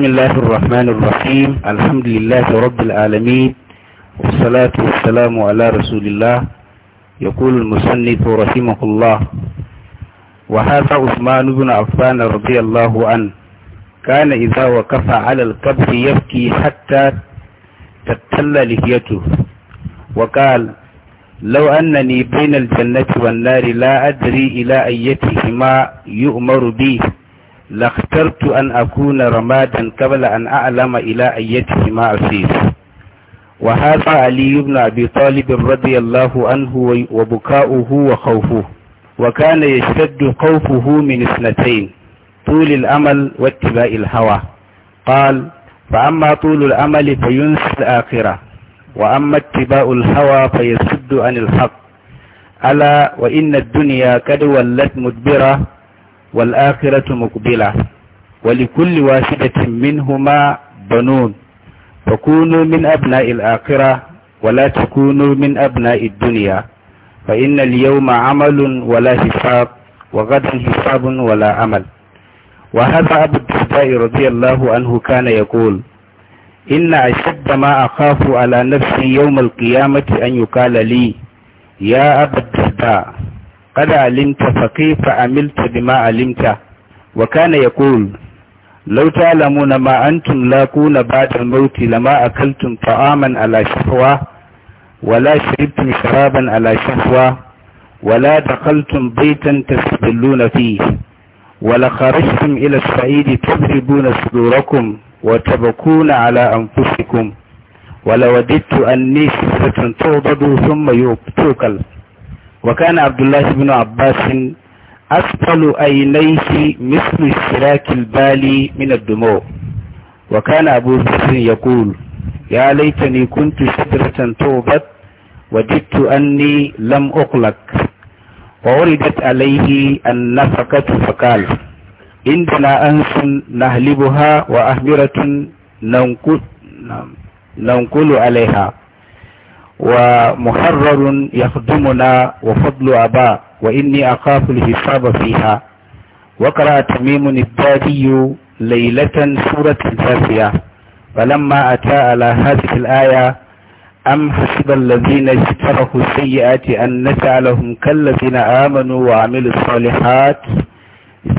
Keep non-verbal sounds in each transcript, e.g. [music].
بسم الله الرحمن الرحيم الحمد لله رب العالمين والصلاة والسلام على رسول الله يقول المصنف رحمه الله وهذا عثمان بن عفان رضي الله عنه كان إذا وقف على الكبر يبكي حتى تتل لحيته وقال لو أنني بين الجنة والنار لا أدري إلى أيتهما يؤمر بي لاخترت أن أكون رمادا قبل أن أعلم إلى أيته ما أصير وهذا علي بن أبي طالب رضي الله عنه وبكاؤه وخوفه وكان يشتد خوفه من اثنتين طول الأمل واتباع الهوى قال فأما طول الأمل فينسى الآخرة وأما اتباع الهوى فيسد عن الحق ألا وإن الدنيا قد ولت مدبرة والآخرة مقبلة ولكل واحدة منهما بنون فكونوا من أبناء الآخرة ولا تكونوا من أبناء الدنيا فإن اليوم عمل ولا حساب وغدا حساب ولا عمل وهذا أبو الدرداء رضي الله عنه كان يقول إن أشد ما أخاف على نفسي يوم القيامة أن يقال لي يا أبا الدرداء قد علمت فكيف عملت بما علمت وكان يقول لو تعلمون ما أنتم لاقون بعد الموت لما أكلتم طعاما على شهوة ولا شربتم شرابا على شهوة ولا دخلتم بيتا تستدلون فيه ولخرجتم إلى الصعيد تضربون صدوركم وتبكون على أنفسكم ولوددت أني شفه تغضب ثم يؤكل وكان عبد الله بن عباس أسفل أينيه مثل الشراك البالي من الدموع وكان أبو بكر يقول يا ليتني كنت شجرة توبت وجدت أني لم أقلق وعرضت عليه النفقة فقال عندنا أنس نهلبها وأهمرة ننقل عليها ومحرر يخدمنا وفضل أبا وإني أخاف الحساب فيها وقرأ تميم الدادي ليلة سورة الفاسية فلما أتى على هذه الآية أم حسب الذين اجترحوا السيئات أن نجعلهم كالذين آمنوا وعملوا الصالحات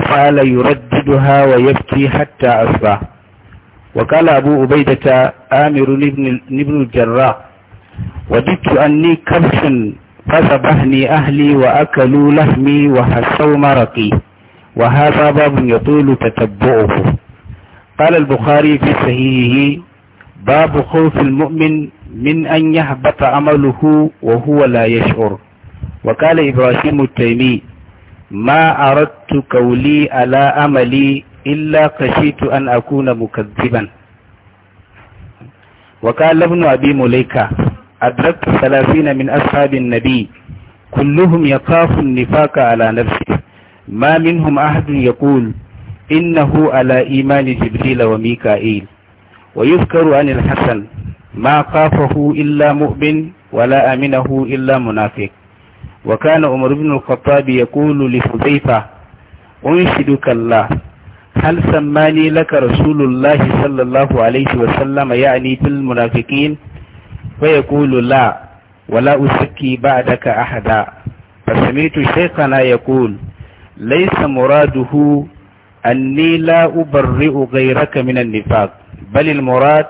فعل يرددها ويبكي حتى أصبح وقال أبو عبيدة آمر بن الجراح وددت أني كبش فسبحني أهلي وأكلوا لحمي وحسوا مرقي وهذا باب يطول تتبعه قال البخاري في صحيحه باب خوف المؤمن من أن يهبط عمله وهو لا يشعر وقال إبراهيم التيمي ما أردت قولي على أملي إلا خشيت أن أكون مكذبا وقال ابن أبي مليكة أدركت ثلاثين من أصحاب النبي كلهم يخاف النفاق على نفسه ما منهم أحد يقول إنه على إيمان جبريل وميكائيل ويذكر عن الحسن ما خافه إلا مؤمن ولا أمنه إلا منافق وكان عمر بن الخطاب يقول لحذيفة أنشدك الله هل سماني لك رسول الله صلى الله عليه وسلم يعني في المنافقين فيقول لا ولا أسكي بعدك أحدا فسمعت شيخنا يقول ليس مراده أني لا أبرئ غيرك من النفاق بل المراد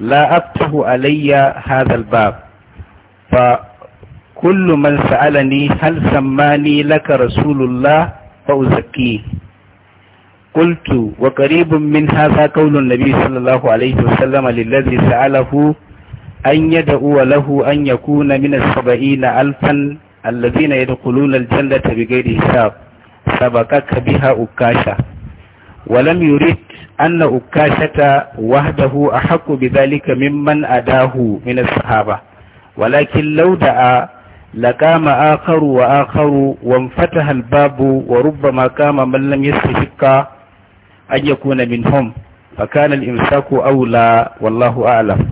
لا أفتح علي هذا الباب فكل من سألني هل سماني لك رسول الله فأزكيه قلت وقريب من هذا قول النبي صلى الله عليه وسلم للذي سأله an yada uwalahu an ya kuna mina saba'i na alfan allazi na yada kulun aljanda ta bi gaidi hisab sabaka ka biha ukasha walam yurid an na ukasha ta wahdahu a haku bi zalika mimman adahu mina sahaba walakin lauda a لقام آخر وآخر وانفتح الباب وربما قام من لم يستحق أن يكون منهم فكان الإمساك أولى والله أعلم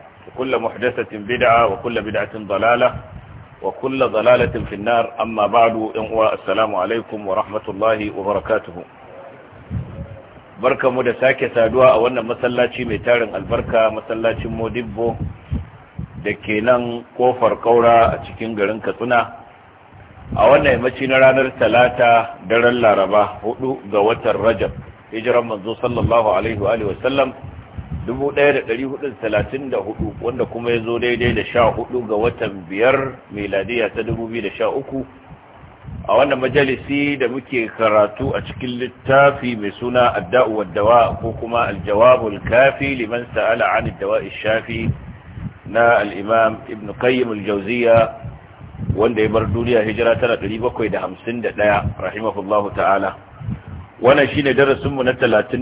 kulle وكل محدثة kulle وكل بدعة ضلالة وكل ضلالة في النار أما بعد السلام عليكم ورحمة الله وبركاته barka mu da sake saduwa a wannan masallaci mai tarin albarka masallacin modibbo da ke nan kofar kaura a cikin garin katsina a wannan yammaci na ranar talata daren laraba hudu ga watan rajab hijiran manzo sallallahu alaihi wa sallam 1434 wanda kuma ya zo daidai da 14 ga watan biyar meladiya ta 2013 a wannan majalisi da muke karatu a cikin littafi mai suna adda'u waddawa ko kuma aljawabul kafi liman sa'ala an dawa'i shafi na al-imam ibn qayyim al-jawziya wanda ya bar duniya hijira 751 rahimahullahu ta'ala wannan shi ne mu na 33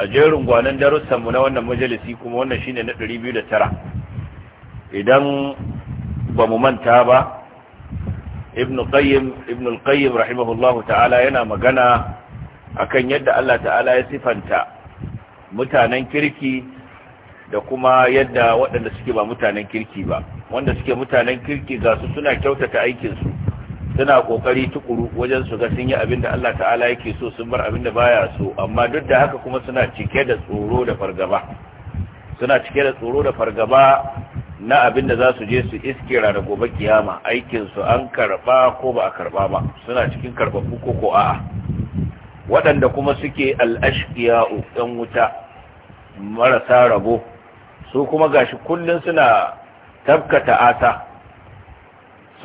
a jerin gwanan darussanmu mu na wannan majalisi kuma wannan ne na 209 idan ba mu manta ba ibn ibn al-qayyim rahimahullahu ta'ala yana magana akan yadda Allah ta'ala ya sifanta mutanen kirki da kuma yadda waɗanda suke ba mutanen kirki ba wanda suke mutanen kirki ga su suna kyautata aikinsu suna kokari tukuru wajen su ga sun yi abin da Allah ta'ala yake so sun bar abin da baya so amma duk da haka kuma suna cike da tsoro da fargaba suna cike da tsoro da fargaba na abin da za su je su iske da gobe kiyama aikin su an karba ko ba a karba ba suna cikin karbabu ko ko a'a waɗanda kuma suke al'ashqiya'u ɗan wuta marasa rabo su kuma gashi kullun suna tabkata ata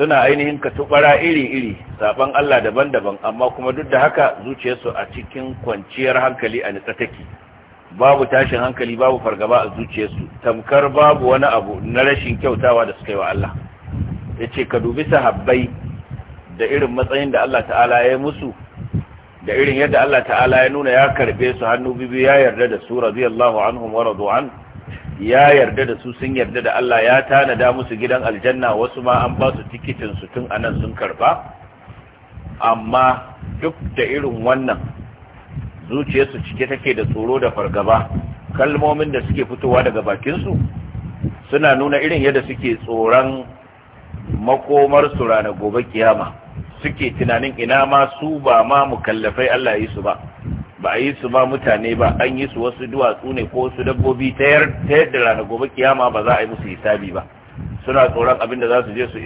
suna ainihin katubara iri-iri saban Allah daban-daban amma kuma duk da haka zuciyarsu a cikin kwanciyar hankali a nitsa take babu tashin hankali babu fargaba a zuciyarsu tamkar babu wani abu na rashin kyautawa da suka yi wa Allah yace ka dubi sahabbai da irin matsayin da Allah ta'ala ya musu da irin yadda Allah ta'ala ya nuna ya karbe su hannu bibi ya yarda da su radiyallahu anhum wa radu anhu ya yarda da su sun yarda da Allah ya tanada musu gidan aljanna wasu ma an ba su tikitin su tun anan sun karba amma duk da irin wannan zuciyarsu cike take da tsoro da fargaba kalmomin da suke fitowa daga bakinsu suna nuna irin yadda suke tsoron makomarsu ranar gobe kiyama suke tunanin ina ma su ba ma mukallafai Allah yi su ba ba a yi su ba mutane ba an yi su wasu duwatsu ne ko wasu dabbobi ta yadda ranar gobe kiyama ba za a yi musu hisabi ba suna tsoron abin da za su je su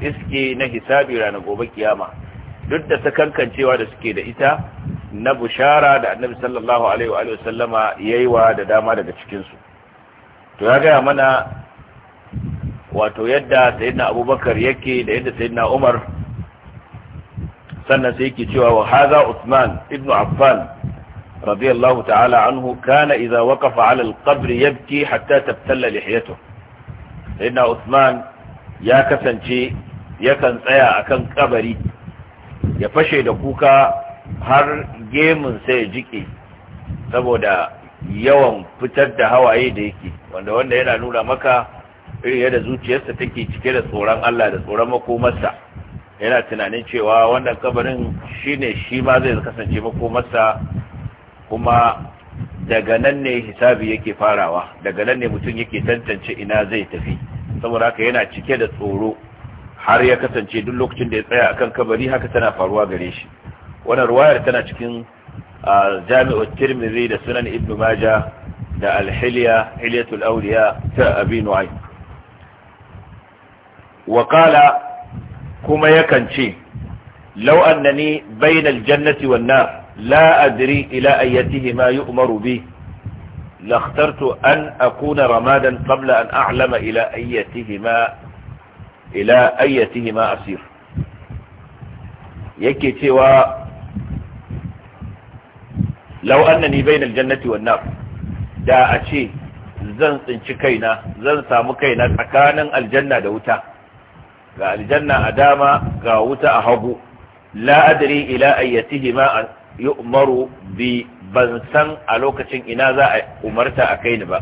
iske na hisabi rana gobe kiyama duk da ta kankancewa da suke da ita na bushara da annabi sallallahu alaihi wa sallama yi wa da dama daga cikinsu. to ya gaya mana wato yadda sayidina abubakar yake da yadda sayidina umar sannan sai yake cewa wa haza usman ibnu affan رضي الله تعالى عنه كان إذا وقف على القبر hatta ta تبتل لحيته إن usman ya kasance yakan tsaya akan قبري ya fashe da kuka har gemun sai ya jike saboda yawan fitar da hawaye da yake wanda yana nuna maka irin yadda zuciyarsa take cike da tsoron Allah da tsoron makomarsa yana tunanin cewa wannan kabarin shine shi ma zai kasance makomarsa kuma daga nan ne hisabi yake farawa daga nan ne mutum yake tantance ina zai tafi saboda haka yana cike da tsoro har ya kasance duk lokacin da ya tsaya akan kabari haka tana faruwa gare shi wannan ruwayar tana cikin jami'u tirmidhi da sunan ibnu majah da al-hilya hilyatul awliya ta abi nu'ay wa qala kuma yakan ce law annani bainal jannati wan nar لا أدري إلى أيته ما يؤمر به لاخترت أن أكون رمادا قبل أن أعلم إلى أيته ما إلى أيته ما أصير يكي تيوى لو أنني بين الجنة والنار دا أشي زنس انشكينا زنس مكينا أكانا الجنة دوتا قال الجنة أداما قاوتا أحبو لا أدري إلى أيته ما أصير umaru bi ban san a lokacin ina za a umarta a kai ni ba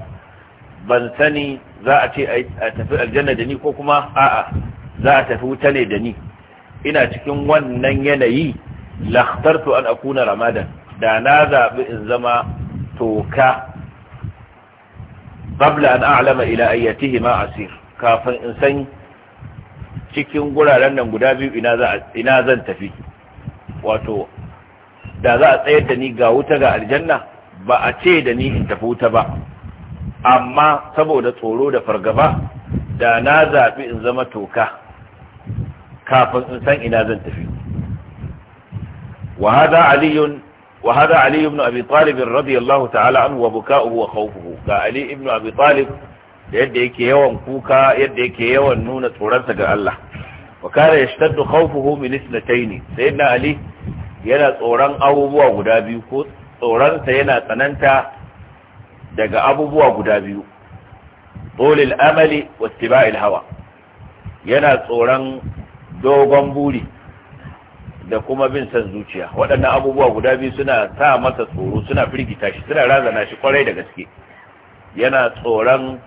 ban sani za a ce a tafi aljanna da ni ko kuma a'a za a tafi wuta ne da ni ina cikin wannan yanayi lakhtartu an akuna ramadan da na zaɓi in zama toka babla an a'lama ila ayyatihi ma asir kafin in san cikin guraren nan guda biyu ina zan tafi wato da za a tsayar da ni ga wuta ga aljanna ba a ce da ni in tafi wuta ba amma saboda tsoro da fargaba da na zaɓi in zama toka kafin in san ina zan tafi wa hada aliyun wa ali ibn abi talib radiyallahu ta'ala anhu wa buka'uhu wa khawfuhu ga ali ibn abi talib da yadda yake yawan kuka yadda yake yawan nuna tsoronsa ga Allah wa kare yashtaddu khawfuhu min ithnatayn sayyidina ali yana tsoron abubuwa guda biyu ko tsoronsa yana tsananta daga abubuwa guda biyu tsolil amali wattiba'il hawa yana tsoron dogon buri da kuma bin san zuciya waɗannan abubuwa guda biyu suna sa masa tsoro suna firgita shi suna razana shi kwarai da gaske yana tsoron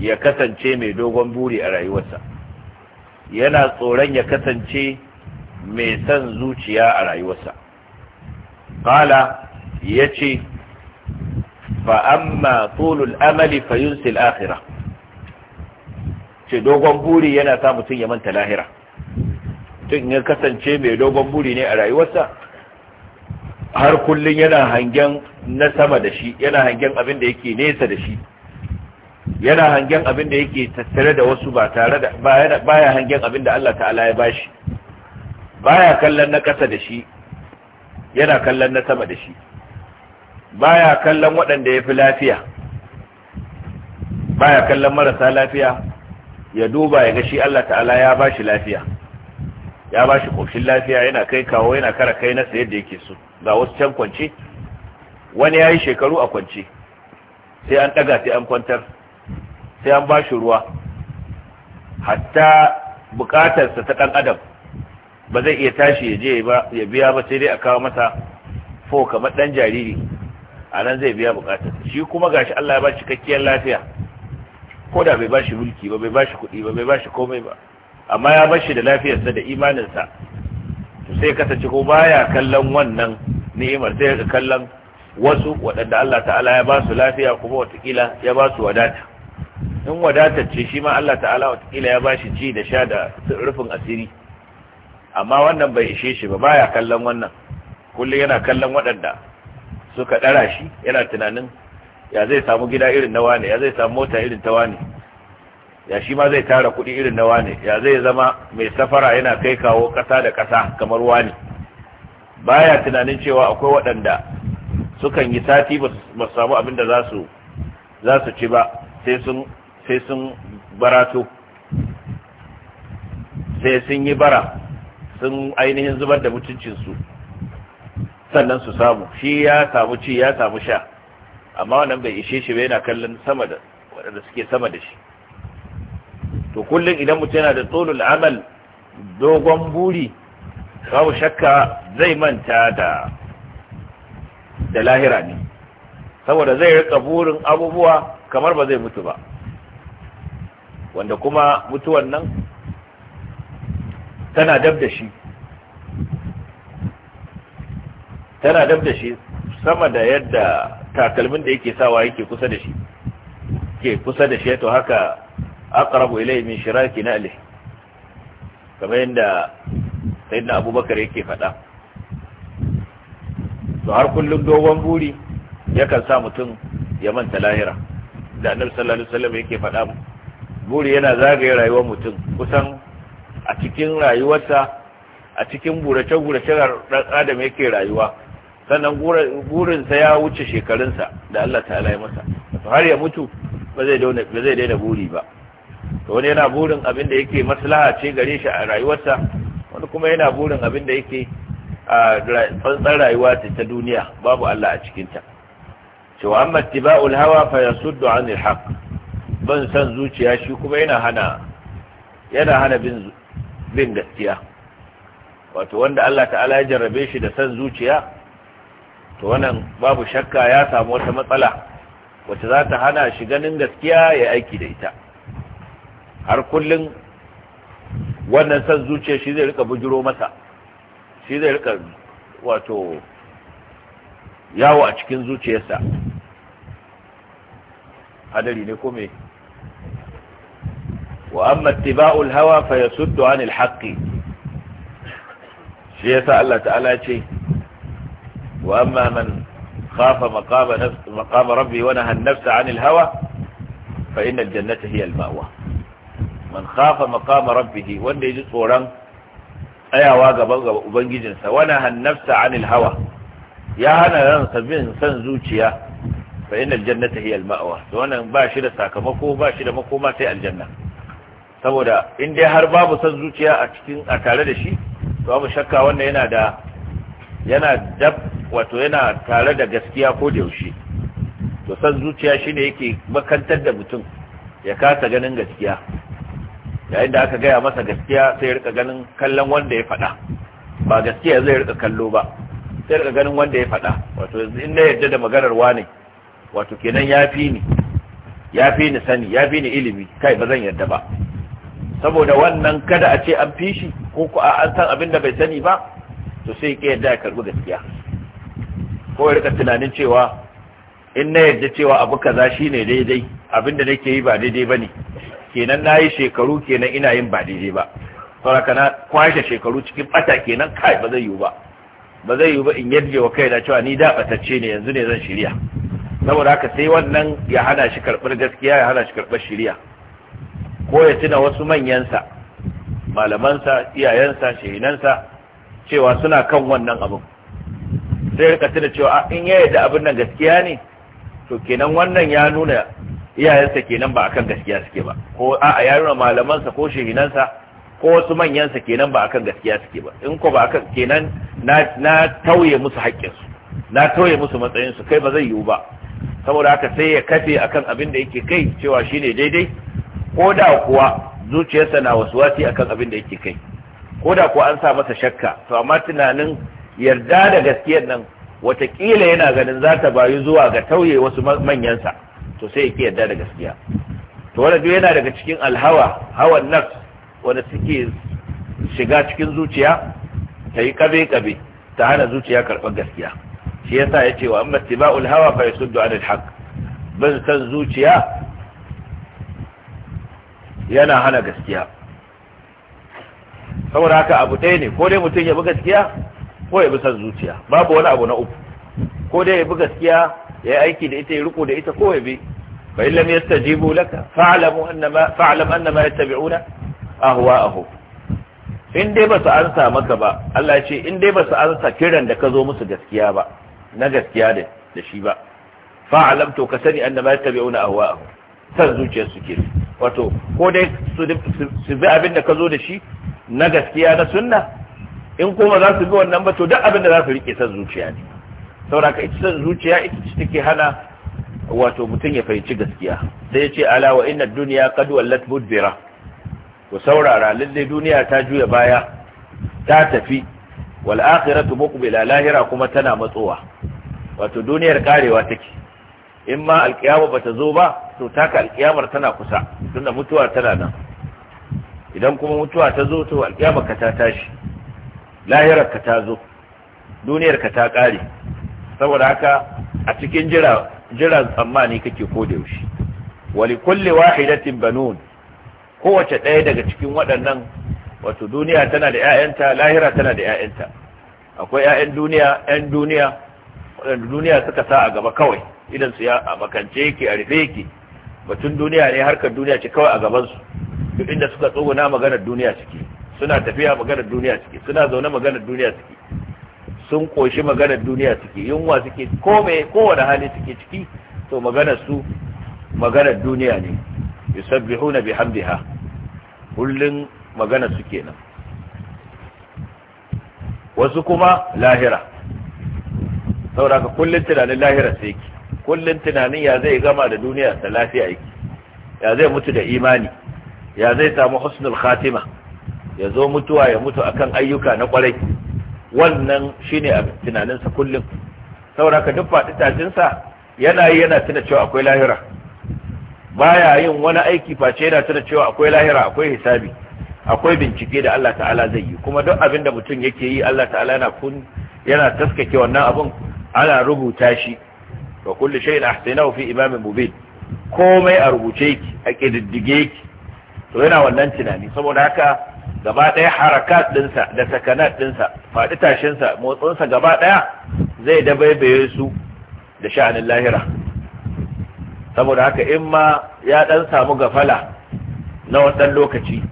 ya kasance mai dogon buri a rayuwarsa yana tsoron ya kasance mai san zuciya a rayuwarsa qala yace fa amma tulul amali fayunsi al-akhirah ce dogon buri yana sa mutum ya manta lahira tun ya kasance mai dogon buri ne a rayuwarsa har kullum yana hangen na sama da shi yana hangen abin da yake nesa da shi yana hangen abin da yake tattare da wasu ba tare da baya hangen abin da Allah ta'ala ya bashi baya kallon na ƙasa da shi yana kallon na sama da shi baya kallon waɗanda ya fi lafiya baya kallon marasa lafiya ya duba ya ga shi Allah ta'ala ya ba shi lafiya ya ba shi ƙoshin lafiya yana kai kawo yana kara kai nasa yadda yake so ga wasu can kwance wani ya yi shekaru a kwance sai an ɗaga sai an kwantar sai an ba shi ruwa hatta bukatarsa ta ɗan adam ba zai iya tashi ya je ya biya ba sai dai a kawo masa fo kamar dan jariri a nan zai biya bukatar shi kuma gashi Allah ya ba shi cikakkiyar lafiya ko da bai ba shi mulki ba bai ba shi kuɗi ba bai ba shi komai ba amma ya ba shi da lafiyarsa da imaninsa sai kasance ko baya kallon wannan ni'imar sai ka kallon wasu waɗanda Allah ta'ala ya ba su lafiya kuma watakila ya ba su wadata in wadatar ce shi ma Allah ta'ala watakila ya ba shi ci da sha da rufin asiri amma wannan bai ishe shi ba baya kallon wannan kullum yana kallon waɗanda suka ɗara shi yana tunanin ya zai samu gida irin na wane ya zai samu mota irin ta wane ya shi ma zai tara kuɗi irin na wane ya zai zama mai safara yana kai kawo ƙasa da ƙasa kamar wane baya tunanin cewa akwai waɗanda sukan yi sati ba su samu abin da za su za ci ba sai sun barato sai sun yi bara sun ainihin zubar da mutuncinsu sannan su samu shi ya samu ci ya samu sha amma wannan bai ishe shi ba yana kallon sama da waɗanda suke sama da shi to kullum idan mutum yana da tsolul amal dogon buri babu shakka zai manta da da lahira ne saboda zai rika burin abubuwa kamar ba zai mutu ba wanda kuma mutuwan nan tana dab da shi tana dab da shi sama da yadda takalmin da yake sawa yake kusa da shi ke kusa da shi to haka aqrabu ilayhi min shiraki nalih kamar yadda sayyidina abubakar yake faɗa to har kullum dogon buri yakan sa mutum ya manta lahira da annabi sallallahu alaihi wasallam yake faɗa buri yana zagaye rayuwar mutum kusan a cikin rayuwarsa a cikin burace-burace adam yake rayuwa sannan burinsa ya wuce shekarunsa da Allah ta'ala ya masa to har ya mutu ba zai daina buri ba to wani yana burin abin da yake maslaha ce gare shi a rayuwarsa wani kuma yana burin abin da yake a tsantsan rayuwa ta duniya babu Allah a cikinta cewa amma tiba'ul hawa fa yasuddu 'anil haqq ban san zuciya shi kuma yana hana yana hana bin bin gaskiya wato wanda Allah ta'ala ya jarrabe shi da san zuciya to wannan babu shakka ya samu wata matsala wacce za ta hana shi ganin gaskiya ya aiki da ita har kullum wannan san zuciya shi zai rika bujiro masa shi zai rika wato yawo a cikin zuciyarsa hadari ne ko وأما اتباع الهوى فيسد عن الحق شيء الله تعالى شيء وأما من خاف مقام, نفس مقام ربي ونهى النفس عن الهوى فإن الجنة هي المأوى من خاف مقام ربه وأن يجد أيا واقع بلغة أبنجي جنسا ونهى النفس عن الهوى يا هنا ينسى بين سنزوتيا فإن الجنة هي المأوى وأنا باشرة ساكمكو باشرة مكو ما الجنة saboda in dai har babu san zuciya a cikin a tare da shi to babu shakka wannan yana da yana dab wato yana tare da gaskiya ko da yaushe to san zuciya shine yake makantar da mutum ya kasa ganin gaskiya yayin da aka gaya masa gaskiya sai rika ganin kallon wanda ya faɗa ba gaskiya zai rika kallo ba sai rika ganin wanda ya faɗa wato in na yadda da maganar ne, wato kenan ya fi ni ya fi ni sani ya fi ni ilimi kai ba zan yadda ba saboda wannan kada a ce an fi shi ko ku a an san abin da bai sani ba to sai ke yadda ya karbi gaskiya ko ya rika tunanin cewa in na yadda cewa abu kaza shi ne daidai abin da nake yi ba daidai ba ne. kenan na yi shekaru kenan ina yin ba daidai ba saboda na kwashe shekaru cikin bata kenan kai ba zai yiwu ba ba zai yiwu ba in yadda wa da cewa ni da batacce ne yanzu ne zan shirya saboda haka sai wannan ya hana shi karbar gaskiya ya hana shi karbar shirya ko ya tuna wasu manyansa malamansa iyayensa shehinansa cewa suna kan wannan abin sai rika tuna cewa a ah, in ya yadda abin nan gaskiya ne to kenan wannan ya nuna iyayensa kenan ba akan gaskiya suke ba ko a'a ya nuna malamansa ko shehinansa ko wasu manyansa kenan ba akan gaskiya suke ba in ko ba akan kenan na na tauye musu haƙƙinsu na tauye musu matsayinsu kai ba zai yiwu ba saboda haka sai ya kafe akan abin da yake kai cewa shine daidai ko da kuwa zuciyarsa na wasu a kan abin da yake kai ko da kuwa an sa masa shakka to amma tunanin yarda da gaskiyar nan watakila yana ganin za ta bayu zuwa ga tauye wasu manyansa to sai yake yarda da gaskiya to wani biyu yana daga cikin alhawa hawan nafs wanda suke shiga cikin zuciya ta yi kabe-kabe ta hana zuciya karɓar gaskiya shi yasa ya ce wa amma tiba'ul hawa fa yasuddu anil haqq bin san zuciya yana hana gaskiya saboda haka abu ɗaya ne ko dai mutum ya bi gaskiya ko ya bi san zuciya babu wani abu na uku ko dai ya bi gaskiya ya yi aiki da ita ya riko da ita ko ya bi fa in lam yastajibu laka fa'lamu annama fa'lam annama yattabi'una ahwa'ahum in dai ba su ansa maka ba Allah ce in dai ba su ansa kiran da ka zo musu gaskiya ba na gaskiya da shi ba fa'alam to ka sani annama yattabi'una ahwa'ahum san zuciyar su ke wato ko dai su bi abin da ka zo da shi na gaskiya na sunna in kuma za su bi wannan ba to duk abin da za su rike san zuciya ne saboda ka ita san zuciya ita ce take hana wato mutum ya fahimci gaskiya sai ya ce ala wa inna duniya qad wallat mudbira ku saurara lalle duniya ta juya baya ta tafi wal akhiratu muqbila lahira kuma tana matsowa wato duniyar karewa take in ma ba bata zo ba to ka alkiyamar tana kusa tunda mutuwa tana nan idan kuma mutuwa ta zo to alkiyamar ka ta tashi lahirar ka ta zo duniyar ka ta kare saboda haka a cikin jira jiran tsammani kake ko da yaushe wali kulli wahidatin banun kowace ɗaya daga cikin waɗannan wato duniya tana da ƴaƴanta lahira tana da ƴaƴanta akwai ƴaƴan duniya ƴan duniya waɗanda duniya suka sa a gaba kawai idan su ya a makance yake a rufe yake batun duniya ne harkar duniya ce kawai a gabansu duk inda suka tsoguna maganar duniya ciki suna tafiya maganar duniya ciki suna zaune maganar duniya ciki sun koshi maganar duniya ciki yunwa suke kome kowane hali suke ciki to maganar su maganar duniya ne yusabbihuna bihamdiha kullun maganar su kenan wasu kuma lahira saboda ka kullun tunanin lahira sai kullun tunanin ya zai gama da duniya da lafiya yake ya zai mutu da imani ya zai samu husnul khatima ya zo mutuwa ya mutu akan ayyuka na kwarai wannan shine a tunaninsa kullum saboda ka duk faɗi sa? yana yi yana tuna cewa akwai lahira baya yin wani aiki face yana tuna cewa akwai lahira akwai hisabi akwai bincike da Allah ta'ala zai yi kuma duk abin da mutum yake yi Allah ta'ala yana kun yana taskake wannan abin ana rubuta shi wa kulli shay'in ahsaynahu fi imamin mubin komai a rubuce ki a kididdige ki to yana wannan tunani saboda haka gaba ɗaya harakat dinsa da sakanat ɗinsa faɗi tashinsa motsinsa gaba ɗaya zai dabaibaye su da sha'anin lahira saboda haka in ma ya ɗan samu gafala na wannan lokaci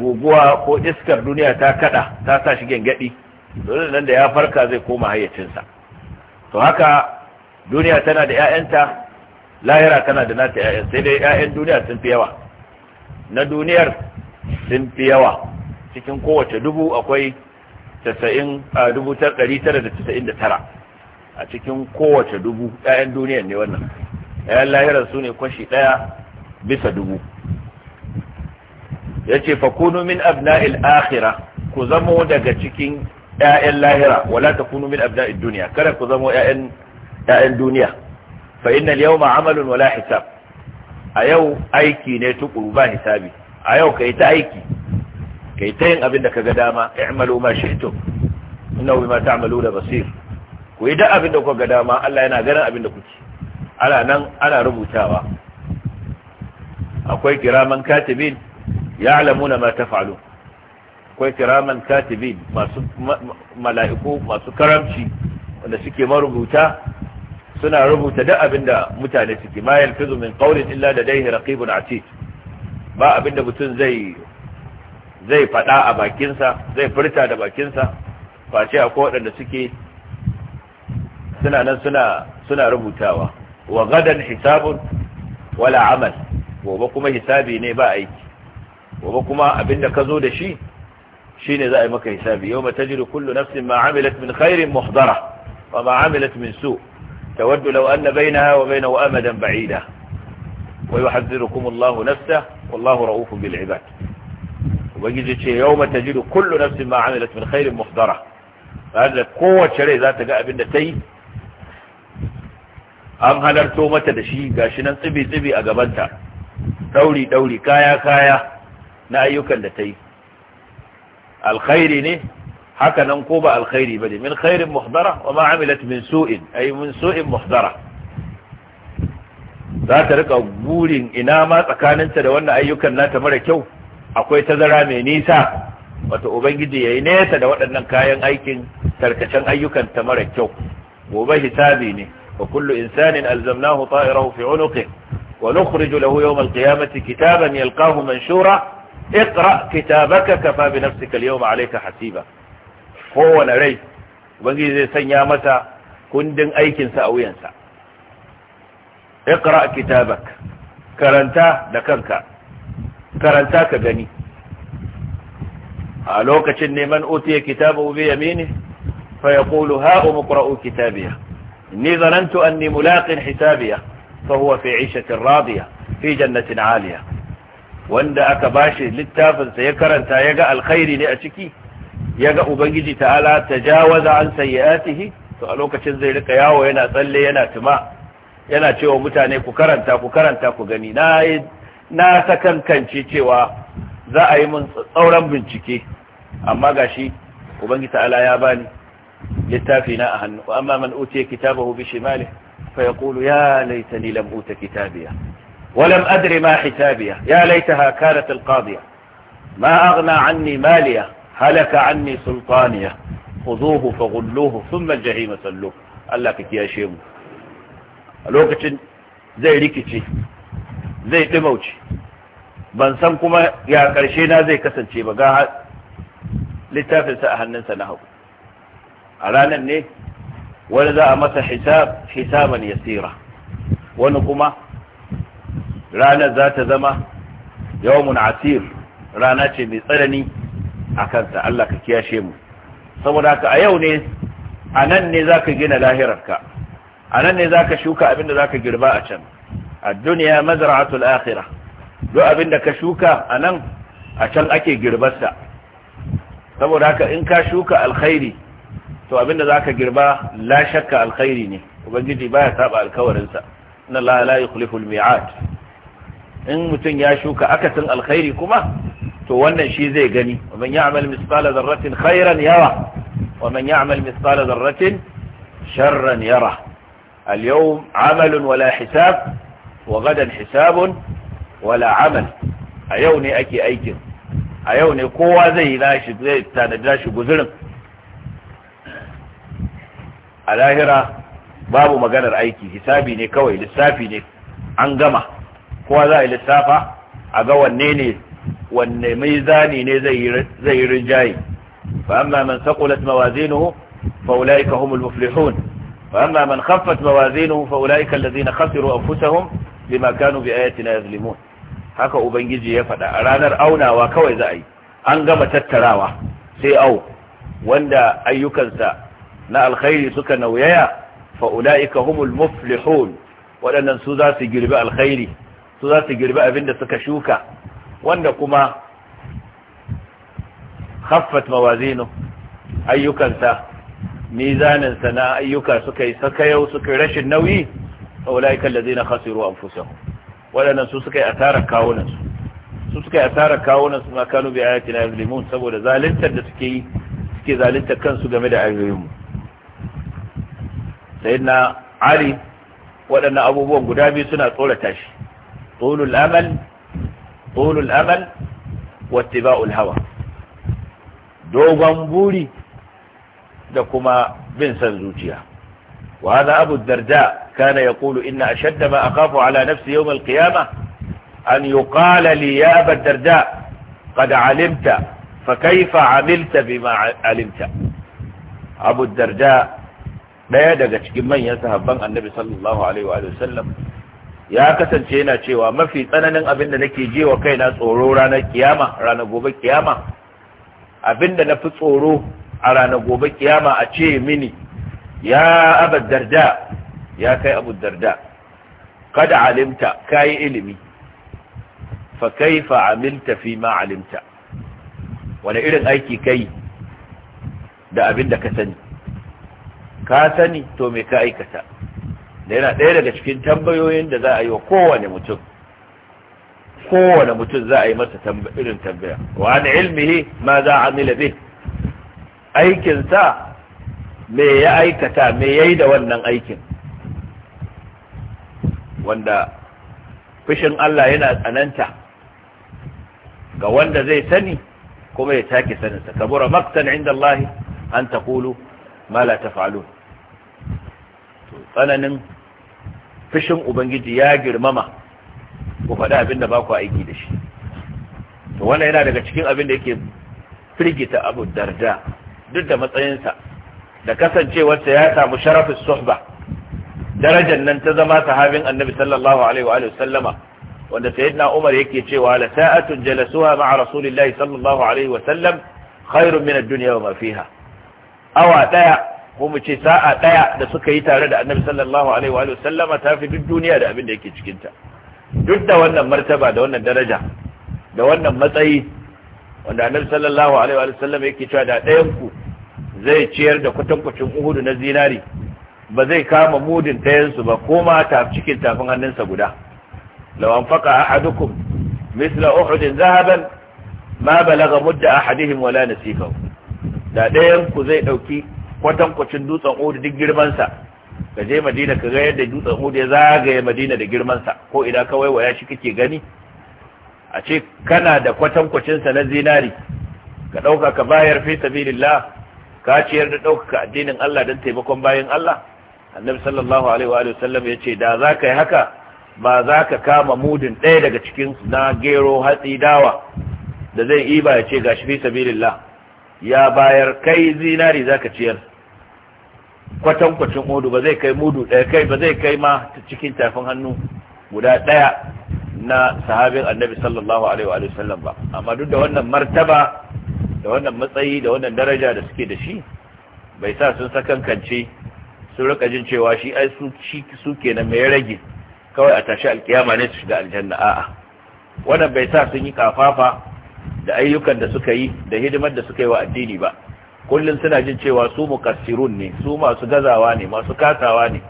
guguwa ko iskar duniya ta kaɗa ta sa shi gyangyaɗi dole nan da ya farka zai koma hayyacinsa to haka duniya tana da 'ya'yanta lahira tana da nata 'ya'yan sai dai 'ya'yan duniya sun fi yawa na duniyar sun fi yawa cikin kowace dubu akwai 999 a cikin kowace dubu 'ya'yan duniyar ne wannan 'ya'yan lahirar su ne kwashi ɗaya bisa dubu ya ce fakunu min abna'il ku zamo daga cikin ƴaƴan lahira wala takunu min abna'id dunya kada ku zama ƴaƴan duniya fa innal yawma amalun wala hisab a yau aiki ne tukuru ba hisabi a yau kai ta aiki kai ta yin abin da kaga dama i'malu ma shi'tum ta bima ta'maluna basir ku yi da abin da kuka ga dama Allah yana ganin abin da kuke ana nan ana rubutawa akwai kiraman katibin ya'lamuna ma taf'alun akwai kiraman katibin masu mala'iku masu karamci wanda suke marubuta suna rubuta duk abin da mutane suke ma yalfizu min qawlin illa ladayhi raqibun atid ba abin da mutum zai zai fada a bakinsa zai furta da bakinsa face akwai waɗanda suke suna nan suna suna rubutawa wa gadan hisabun wala amal gobe kuma hisabi ne ba aiki gobe kuma abinda ka zo da shi شيني ذا ايما كيسابي يوم تجد كل نفس ما عملت من خير محضرة وما عملت من سوء تود لو أن بينها وبينه أمدا بعيدا ويحذركم الله نفسه والله رؤوف بالعباد وجدت شيء يوم تجد كل نفس ما عملت من خير محضرة فهذا قوة شريء ذات جاء بالنتي أم هل ارتومة دشي قاشنا سبي سبي أقبنتا تولي تولي كايا كايا نأيوكا نتي alkhairi ne haka nan ko ba alkhairi ne min khairin muhdara wa ma amilat min su'in ay min su'in muhdara za ta rika burin ina ma tsakaninta da wannan ayyukan nata mara kyau akwai tazara mai nisa wato ubangiji yayi nesa da waɗannan kayan aikin tarkacen ayyukan ta mara kyau gobe hisabi ne wa kullu insanin alzamnahu ta'irahu fi unuqi wa nukhriju lahu yawm alqiyamati kitaban yalqahu manshura اقرأ كتابك كفى بنفسك اليوم عليك حسيبا هو نري وبنجي زي سنيا متى كندن ايكن ساوين سا اقرأ كتابك كرنتا دكنك كرنتا كبني علوك تشني من اوتي كتابه بيمينه فيقول ها امقرأوا كتابيه اني ظننت اني ملاق حسابيه فهو في عيشة راضية في جنة عالية wanda aka bashi littafinsa ya karanta ya ga alkhairi ne a ciki ya ga ubangiji ta'ala tajawaza an sayyi'atihi to a lokacin zai rika yawo yana tsalle yana tuma yana cewa mutane ku karanta ku karanta ku gani na na sakankance cewa za a yi mun tsauran bincike amma gashi ubangiji ta'ala ya bani littafi na a hannu amma man utiya kitabahu bi shimali fa yaqulu ya laitani lam uta kitabiya ولم أدر ما حسابية يا ليتها كانت القاضية ما أغنى عني مالية هلك عني سلطانية خذوه فغلوه ثم الجحيم سلوه الله كتيا شيمو الوقت زي ركتي زي تموتي بانسامكما يا كرشينا زي كسنتي قاعد لتافل سأهل ننسى نهو أرانا أني ولذا أمس حساب حسابا يسيرا ونكما ranar za ta zama yawon asir rana ce mai tsanani a kanta Allah ka kiyashe mu saboda haka a yau ne a nan ne za ka gina lahirarka a nan ne za ka shuka abinda za ka girba a can a duniya mazara'atul akhira duk abinda ka shuka a nan a can ake girbarsa saboda haka in ka shuka alkhairi to abinda za ka girba la shakka alkhairi ne ubangiji baya saba alkawarinsa inna allaha la yukhlifu al-mi'ad in mutum ya shuka akasin alkhairi kuma to wannan shi zai gani wa man ya'mal misqala dharratin khairan yara wa man ya'mal misqala dharratin sharran yara al-yawm 'amalun wala hisab wa gadan hisabun wala 'amal a yau ne ake aikin a yau ne kowa zai yi nashi zai tanadi nashi guzurin a lahira babu maganar aiki hisabi ne kawai lissafi ne an gama kowa za a lissafa a ga wanne ne wanne mizani ne zai yi rinjaye fa amma man saqulat mawazinuhu fa ulaika humul muflihun fa amma man khaffat mawazinu, fa ulaika allazina khasiru anfusahum bima kanu bi na yazlimun haka ubangiji ya faɗa a ranar aunawa kawai za a yi an gama tattarawa sai au wanda ayyukansa na alkhairi suka nauyaya fa ulaika humul muflihun waɗannan su za su girbi alkhairi su za su girbi abin da suka shuka wanda kuma haffat mawazinu ayyukansa mizaninsa na ayyuka suka yi suka yau suka yi rashin nauyi a wula'ikan da zai na khasiru an fusa waɗannan su suka yi a asarar kawunansu su suka yi a asarar kawunansu na kanu bi ayati na yuzlimun saboda zalintar da suke yi suke zalintar kansu game da ayyuyinmu sai na ali waɗannan abubuwan guda biyu suna tsorata shi طول الأمل طول الأمل واتباع الهوى دوغن بوري دكما بن سنزوجيا وهذا أبو الدرداء كان يقول إن أشد ما أخاف على نفسي يوم القيامة أن يقال لي يا أبا الدرداء قد علمت فكيف عملت بما علمت أبو الدرداء لا يدقى من يذهب بان النبي صلى الله عليه وآله وسلم ya kasance yana cewa mafi tsananin abin da nake je wa kaina tsoro ranar kiyama ranar gobe kiyama abin da na fi tsoro a ranar gobe kiyama a ce mini ya abar ya kai abu darda kada alimta kayi ilimi fa kaifa amilta fi ma alimta wani irin aiki kai da abin da ka sani ka sani to me ka aikata da yana ɗaya daga cikin tambayoyin da za a yi wa kowane mutum kowane mutum za a yi masa irin tambaya wa an ilmihi ma za a amila bih aikinsa me ya aikata me ya yi da wannan aikin wanda fushin Allah yana tsananta ga wanda zai sani kuma ya take saninsa kabura maktan inda Allah an taqulu ma la taf'alun tsananin fushin ubangiji ya girmama ku faɗi abin da ba ku aiki da shi to wannan yana daga cikin abin da yake firgita abu darda duk da matsayinsa da kasancewarsa ya samu sharafin suhba darajar nan ta zama sahabin annabi sallallahu alaihi wa sallama wanda sayyidina umar yake cewa la sa'atun jalasuha ma'a rasulillahi sallallahu alaihi wa sallam khairun min ad-dunya wa ma fiha awa daya ko mu ce sa'a ɗaya da suka yi tare da annabi sallallahu alaihi wa sallama ta fi duk duniya da abin da yake cikinta duk da wannan martaba da wannan daraja da wannan matsayi wanda annabi sallallahu alaihi wa sallama yake cewa da ɗayan ku zai ciyar da kwatankwacin uhudu na zinari ba zai kama mudin ɗayansu ba ko ma ta cikin tafin hannunsa guda law anfaqa ahadukum mithla uhudin zahaban ma balaga mudda ahadihim wala nasifahu da ɗayan ku zai ɗauki kwatankwacin dutsen Udu duk girmansa ka je Madina ka ga yadda dutsen Udu ya zagaye Madina da girmansa ko ina kawai waya shi kake gani a ce kana da kwatankwacin sa na zinari ka dauka ka bayar fi sabilillah ka ciyar da dauka addinin Allah dan taimakon bayin Allah annabi sallallahu alaihi wa alihi wasallam yace da zaka yi haka ba za ka kama mudun ɗaya daga cikin na gero hatsi dawa da zai iba ya ce gashi fi sabilillah ya bayar kai zinari zaka ciyar kwatankwacin mudu ba zai kai mudu ɗaya kai ba zai kai ma cikin tafin hannu guda ɗaya na sahabin annabi sallallahu alaihi wa sallam ba amma duk da wannan martaba da wannan matsayi da wannan daraja da suke da shi bai sa sun sakankance sun rika jin cewa shi ai su kenan mai rage kawai a tashi alkiyama ne su shiga aljanna a'a wannan bai sa sun yi kafafa da ayyukan da suka yi da hidimar da suka yi wa addini ba kullum suna jin cewa su mukassirun ne su masu gazawa ne masu katawa ne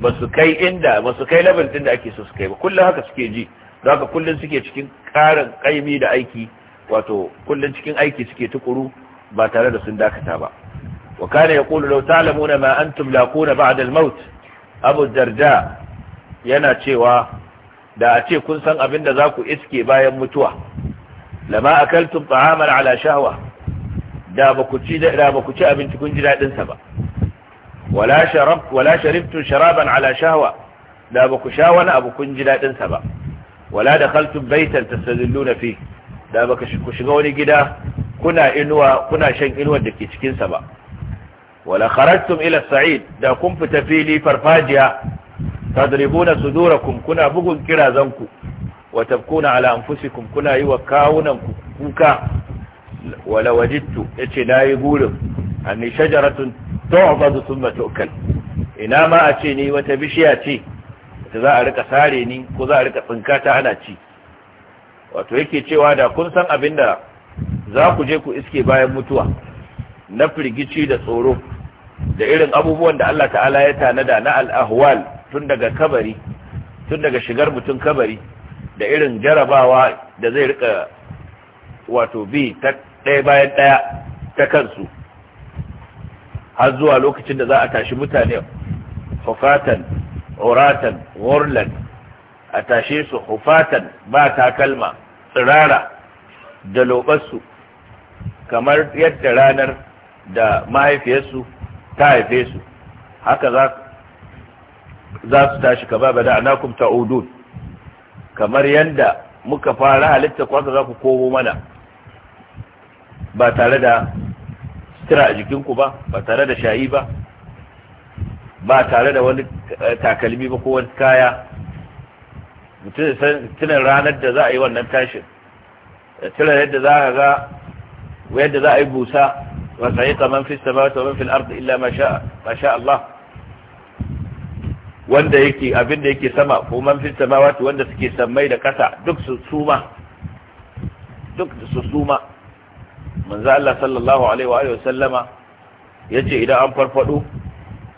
ba su kai inda ba su kai labantin da ake so su kai ba kullum haka suke ji don haka kullum suke cikin karin kaimi da aiki wato kullum cikin aiki suke tukuru ba tare da sun dakata ba wa kana kulu lau ta'lamuna ma antum laquna ba al-maut abu darda yana cewa da a ce kun san abin da za ku iske bayan mutuwa lama akaltum ta'aman ala shahwa da ba ku ci da ba ku ci abinci kun ji dadin sa ba wala sharab wala sharibtu sharaban ala shahwa da ba ku sha wani abu kun ji dadin sa ba wala dakhaltum baytan tastazilluna fi da ba ku shiga wani gida kuna inuwa kuna shan inuwar da ke cikin sa ba wala kharajtum ila sa'id da kun fita fili farfajiya tadribuna sudurakum kuna bugun kirazanku wa tabkuna ala anfusikum kuna yi wa kuka wala wajidtu yace nayi gurin anni shajaratun tu'badu thumma tu'kal ina ma a ce ni wata bishiya ce da za a rika sare ni ko za a rika tsinka ta ana ci wato yake cewa da kun san abinda za ku je ku iske bayan mutuwa na firgici da tsoro da irin abubuwan da Allah ta'ala ya tanada na al'ahwal tun daga kabari tun daga shigar mutum kabari da irin jarabawa da zai rika wato bi ɗaya bayan ɗaya ta kansu har zuwa lokacin da za a tashi mutane hufatan oratan warlan a tashe su hufatan ba takalma tsirara da lobarsu kamar yadda ranar da mahaifiyarsu ta haife su haka za su tashi kama ba da anakum ta'udun kamar yadda muka fara halitta kwasa za ku komo mana ba tare da sutura a jikinku ba ba tare da shayi ba ba tare da wani eh, takalmi ba ko wani kaya mutum tunan ranar da za a yi wannan tashin tunan yadda za a ga yadda za a yi busa wa yi kaman fista ba ta man fil illa mash'a Allah wanda yake abin da yake sama ko man fi samawati wanda suke sammai da kasa duk su suma duk su suma manzo Allah sallallahu alaihi wa alihi wasallama yace idan an farfado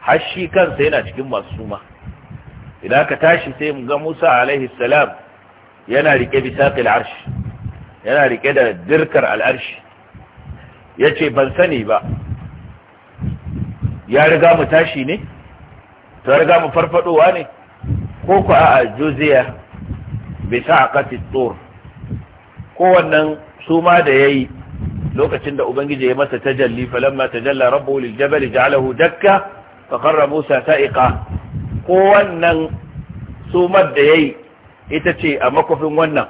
hashi kansa yana cikin masu suma idan ka tashi sai mu ga Musa alaihi salam yana rike bisaqil arsh yana rike da dirkar al'arshi yace ban sani ba ya riga mu tashi ne ta riga mu farfadowa ne ko ku a juziya bisa aqati tur ko wannan suma da yayi lokacin da ubangiji ya masa tajalli falamma tajalla rabbuhu lil ja'alahu dakka fa qarra musa sa'iqa ko wannan sumar da yayi ita ce a makofin wannan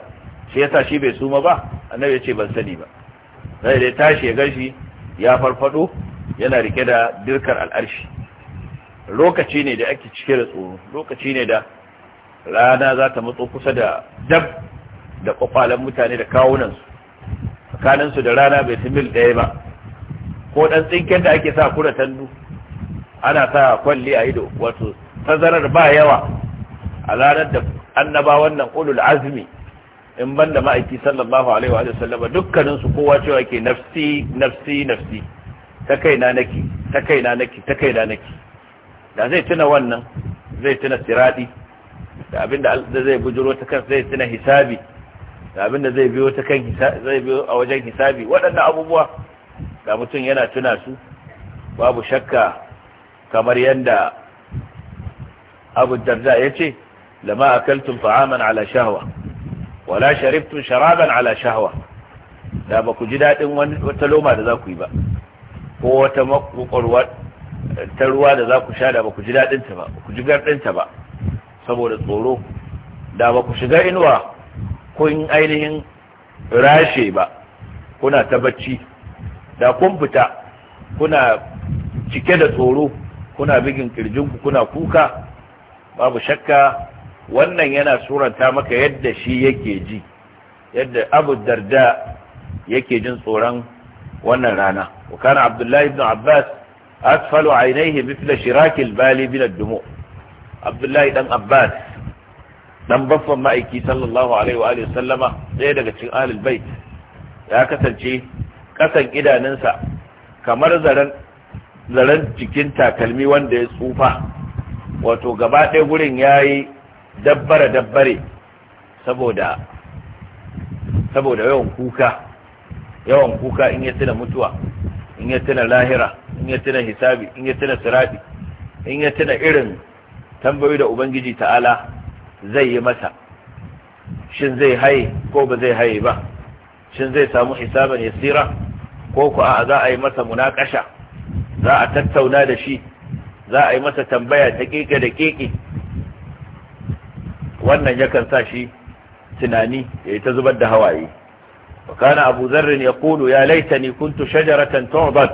shi yasa shi bai suma ba annabi ya ce ban sani ba sai dai tashi ya gashi ya farfado yana rike da dirkar al'arshi lokaci ne da ake cike da tsoro lokaci ne da rana za ta matso kusa da dab da kwakwalen mutane da kawunansu su da rana bai fi mil ɗaya ba ko ɗan tsinken da ake sa kura tandu ana sa kwalli a ido wato tazarar ba yawa a ranar da annaba wannan ulul azmi in ban da ma'aiki sallallahu alaihi wa sallama su kowa cewa ke nafsi nafsi nafsi ta kaina naki ta kaina naki ta na naki da zai tuna wannan zai tuna siradi da abinda zai bujuro ta kan zai tuna hisabi da abin da zai biyo ta kan zai biyo a wajen hisabi waɗannan abubuwa da mutum yana tuna su babu shakka kamar yadda abu darda ya ce lama akaltum fa'aman ala shahwa wala shariftun sharaban ala shahwa da ba ku ji daɗin wata loma da za ku yi ba ko wata makwarwa ruwa da za ku sha da ba ku ji daɗinta ba ku ji ba saboda tsoro da ba ku shiga inuwa kun ainihin rashe ba kuna ta bacci da kun fita kuna cike da tsoro kuna bigin kirjinku kuna kuka babu shakka wannan yana suranta maka yadda shi yake ji yadda abu darda yake jin tsoron wannan rana wa abdullahi ibn abbas asfalu ainihi mithla shirakil bali bin ad abdullahi dan abbas dan baffan ma'aiki sallallahu alaihi wa alihi sallama ɗaya daga cikin ahlul bait ya kasance kasan idanunsa kamar zaren zaren cikin takalmi wanda ya tsufa wato gaba ɗaya gurin yayi dabbare dabbare saboda saboda yawan kuka yawan kuka in ya tuna mutuwa in ya tuna lahira in ya tuna hisabi in ya tuna sirati in ya tuna irin tambayoyi da ubangiji ta'ala zai yi masa shin zai haye ko ba zai haye ba shin zai samu hisaban yasira ko ku a za a yi masa munakasha za a tattauna da shi za a yi masa tambaya ta keke da keke wannan yakan sa shi tunani ya yi ta zubar da hawaye ya kulu ya يقول يا kuntu shajaratan شجرة تعبد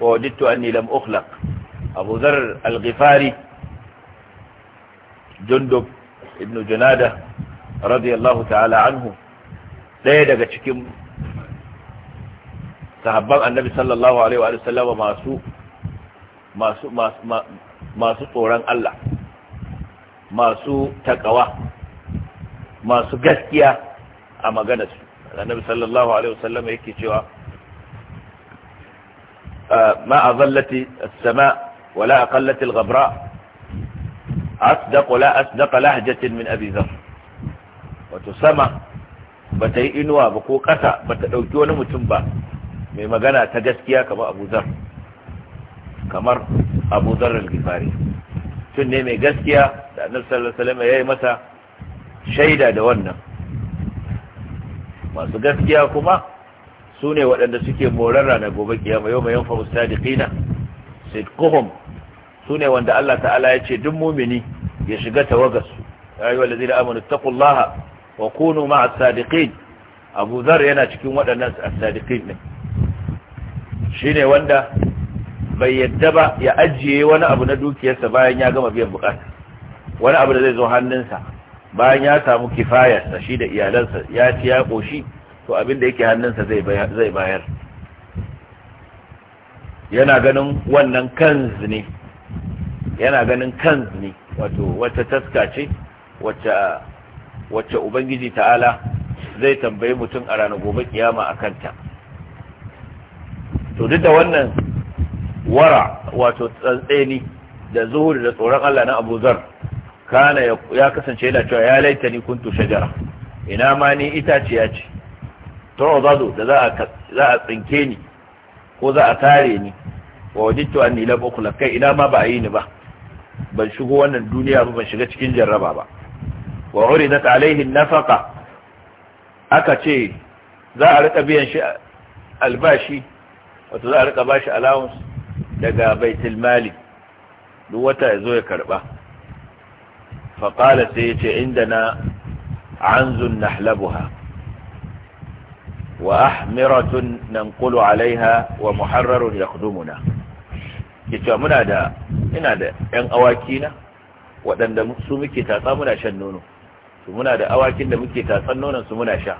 ووجدت an لم أخلق أبو ذر الغفاري jundub ibn junada radiyallahu ta'ala anhu ɗaya daga cikin sahabban annabi sallallahu alaihi wa sallama masu masu masu tsoron Allah masu takawa masu gaskiya a magana su. annabi sallallahu alaihi wa sallama yake cewa ah, ma azallati as-sama wala aqallati al-ghabra As da asdaqa lahjatin min abiza, wato sama bata yi inuwa ba ko kasa bata ɗauki wani mutum ba mai magana ta gaskiya kamar abu zar kamar abu zar al-ghifari tun ne mai gaskiya da annabi sallallahu alaihi wasallam yayi masa shaida da wannan masu gaskiya kuma sune waɗanda suke morar ranar gobe kiyama yau mai yanfa ustadiqina sidquhum su ne wanda Allah ta'ala ya ce duk mumini ya shiga tawagarsu ya yi wallazi da taqullaha wa kunu ma'a sadiqin abu zar yana cikin waɗannan sadiqin ne shi ne wanda bai yadda ba ya ajiye wani abu na dukiyarsa bayan ya gama biyan bukata wani abu da zai zo hannunsa bayan ya samu kifayarsa shi da iyalansa ya ci ya ƙoshi to abin da yake hannunsa zai bayar yana ganin wannan kanzu ne yana ganin kan ne wato wata taska ce wacce ubangiji ta'ala zai tambayi mutum a ranar gobe kiyama a kanta to duk da wannan wara wato tsantseni da zuhuri da tsoron Allah na Abuzar, kana ya kasance yana cewa ya laita ni kuntu shajara ina ma ni itaciya ce to da za a tsinke ni ko za a tare ni wa wajidtu anni lam ukhlaq kai ina ma ba a yi ni ba ban shigo wannan duniya ba ban shiga cikin jarraba ba wa uridat alaihi nafaqa aka ce za a rika biyan shi albashi wato za a rika bashi allowance daga baitul mali duk wata ya zo ya karba faƙala sai ya ce inda na anzun nahlabuha wa ahmiratun nanqulu alaiha wa muharrarun yakhdumuna ke cewa muna da ina da yan awaki na waɗanda su muke tatsa muna shan nono su muna da awakin da muke tatsan nonon su muna sha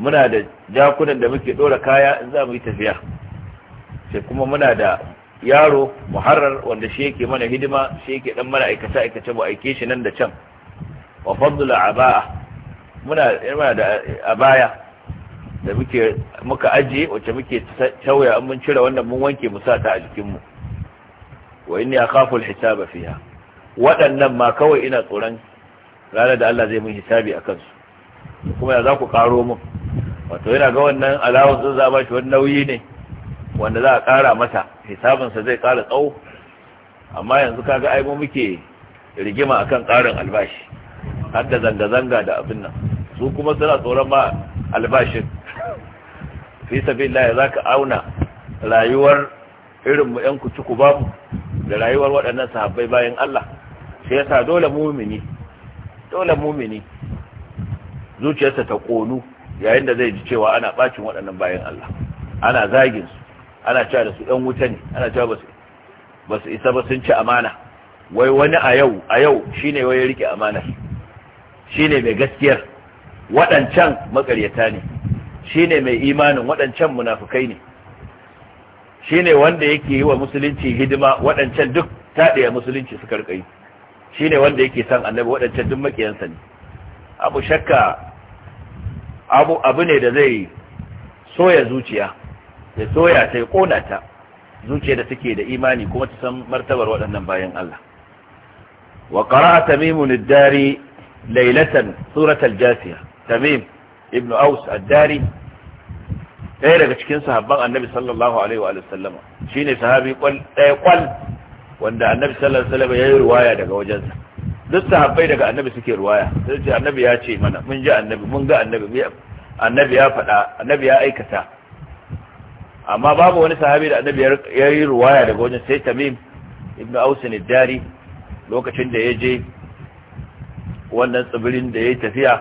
muna da jakunan da muke ɗora kaya in za mu yi tafiya sai kuma muna da yaro muharrar wanda shi yake mana hidima shi yake dan mana aikace aikace mu aike shi nan da can wa fadula abaa muna da abaya da muke muka aje wacce muke tauya an mun cire wannan mun wanke mu sata ta a jikinmu wa inni akhafu alhisaba fiha waɗannan ma kawai ina tsoron ranar da Allah zai mun hisabi a kansu kuma ya za ku karo mun wato yana ga wannan alawun sun za shi wani nauyi ne wanda za a kara masa hisabinsa zai kara tsawo amma yanzu kaga ai mu muke rigima akan karin albashi har da zanga-zanga da abin nan su kuma suna tsoron ma albashin fi za ka auna rayuwar irin mu yan kutuku babu da rayuwar waɗannan sahabbai bayan Allah sai yasa dole mumini dole mumini zuciyarsa ta konu yayin da zai ji cewa ana bacin waɗannan bayan Allah ana zagin su ana cewa da su ɗan wuta ne ana cewa ba su ba su isa ba sun ci amana wai wani a yau a yau shine wai ya rike amana shine mai gaskiyar waɗancan maƙaryata ne shine mai imanin waɗancan munafukai ne shine wanda yake yi wa musulunci hidima waɗancan duk taɗaya musulunci suka rika Shi shine wanda yake san annabi waɗancan duk makiyansa ne abu shakka abu ne da zai soya zuciya ya soya ta ya kona ta zuciya da suke da imani kuma ta san martabar waɗannan bayan Allah wa qara'a tamimun ad-dari laylatan suratal jasiya tamim ibn aus addari ɗaya daga cikin sahabban annabi sallallahu alaihi wa sallama shine sahabi ɗaya kwal wanda annabi sallallahu alaihi wa sallama ya yi ruwaya daga wajensa duk sahabbai daga annabi suke ruwaya sai ce annabi ya ce mana mun ji annabi mun ga annabi annabi ya faɗa annabi ya aikata amma babu wani sahabi da annabi ya yi ruwaya daga wajen sai tamim ibn aus ne dari lokacin da ya je wannan tsibirin da ya yi tafiya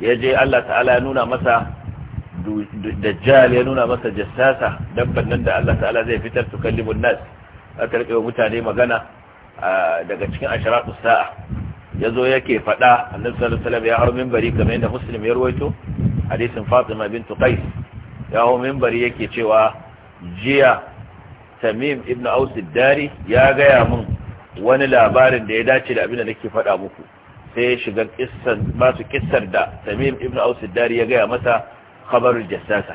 ya je Allah ta'ala ya nuna masa dajjal ya nuna masa jassasa dabban nan da Allah ta'ala zai fitar su kallimun nas aka rike mutane magana daga cikin ashratu sa'a Ya zo yake fada annabi sallallahu ya hau mimbari game da muslim ya ruwaito hadisin fatima bint ya hawo minbari yake cewa jiya tamim ibn aus dari ya gaya mun wani labarin da ya dace da abin da nake fada muku sai ya shiga kissan masu kissar da tamim ibn aus dari ya gaya masa khabarul jassasa